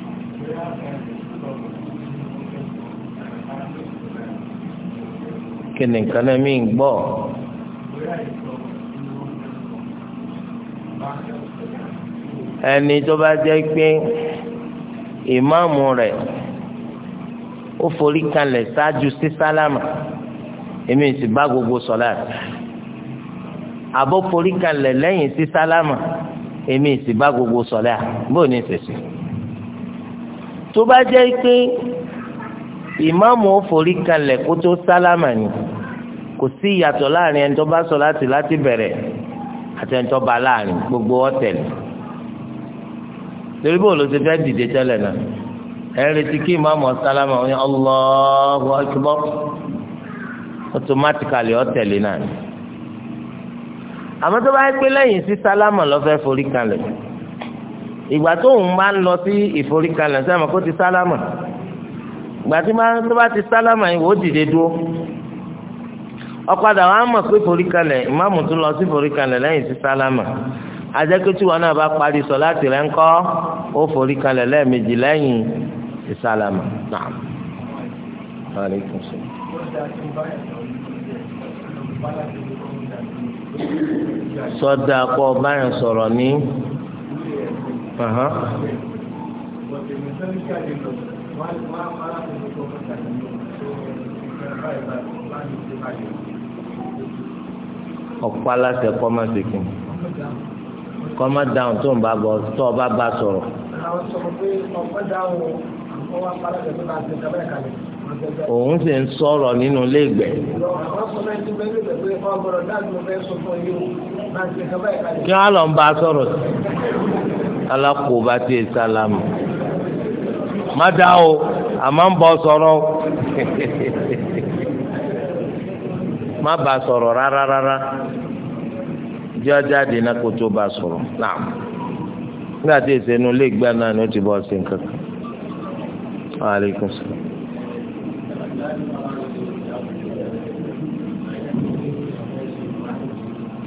kí nǹkan náà mí ń gbọ́ ẹni tó bá ó forí kanlẹ̀ ṣáájú sí sálámà èmi sì bá gbogbo sọ̀lá àbọ̀ forí kanlẹ̀ lẹ́yìn sí sálámà èmi sì bá gbogbo sọ̀lá bó ní sèse tó bá jẹ́ pé ìmáàmù ó forí kanlẹ̀ kó tó sálámà ni kò sí ìyàtọ̀ láàrin ẹni tó bá sọ láti láti bẹ̀rẹ̀ àti ẹni tó bá láàrin gbogbo ọ̀tẹ̀lẹ̀ torí bó ló ti fẹ́ dìde tẹ́lẹ̀ náà. ẹ̀rẹ̀tì kí ìmáàmù ọ̀sálámà ọ̀ní Allahu Akbar automatically ọ̀tẹ̀lẹ̀ náà ni. àmọ́ bá yẹ pé lẹ́yìn sí sálámà lọ́fẹ́ forí ìgbà tó ń bá ń lọ sí ìforí sẹ́mi kó ti sálámà ìgbà tó bá ti salama yìí wò ó dìde dúró ọ̀padà wa mọ̀ pé forí kalẹ̀ tún lọ sí forí lẹ́yìn sí sálámà àjẹkẹ́tì wọn náà bá parí sọ láti rẹ̀ ńkọ́ ó forí lẹ́ẹ̀mejì lẹ́yìn السلامة نعم
Aleykum salaam. Sọ́dà kọ́ báyọ̀ أها ní.
Ọ̀pá aláṣẹ kọ́ máa ṣe kìnnì. Kọ́ máa dáhùn tó ń bá bọ̀ tó ọba bá sọ̀rọ̀. òun sì ń sọ̀rọ̀ nínú lẹ́gbẹ̀.
kí wọ́n lọ ń bá a sọ̀rọ̀ sí
alákòóbá tí o àmọ́ ń bọ̀ sọ̀rọ̀ o (laughs) má bà sọ̀rọ̀ rárá rárá jẹ́ ọjà dènà kó tó a sọ̀rọ̀ náà nígbà tí èsè inú lè náà ti sí kan. وعليكم السلام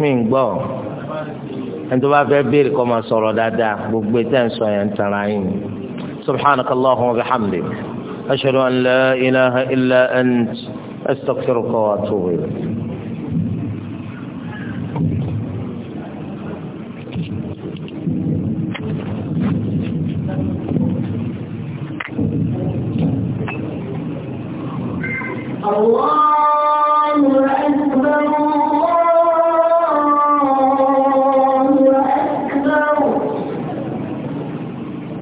mi ń gbọ́ ẹni bá fẹ́ béèrè kọ́ máa sọ̀rọ̀ dáadáa gbogbo etí ń سبحانك اللهم وبحمدك أشهد أن لا إله إلا أنت أستغفرك وأتوب إليك
Allah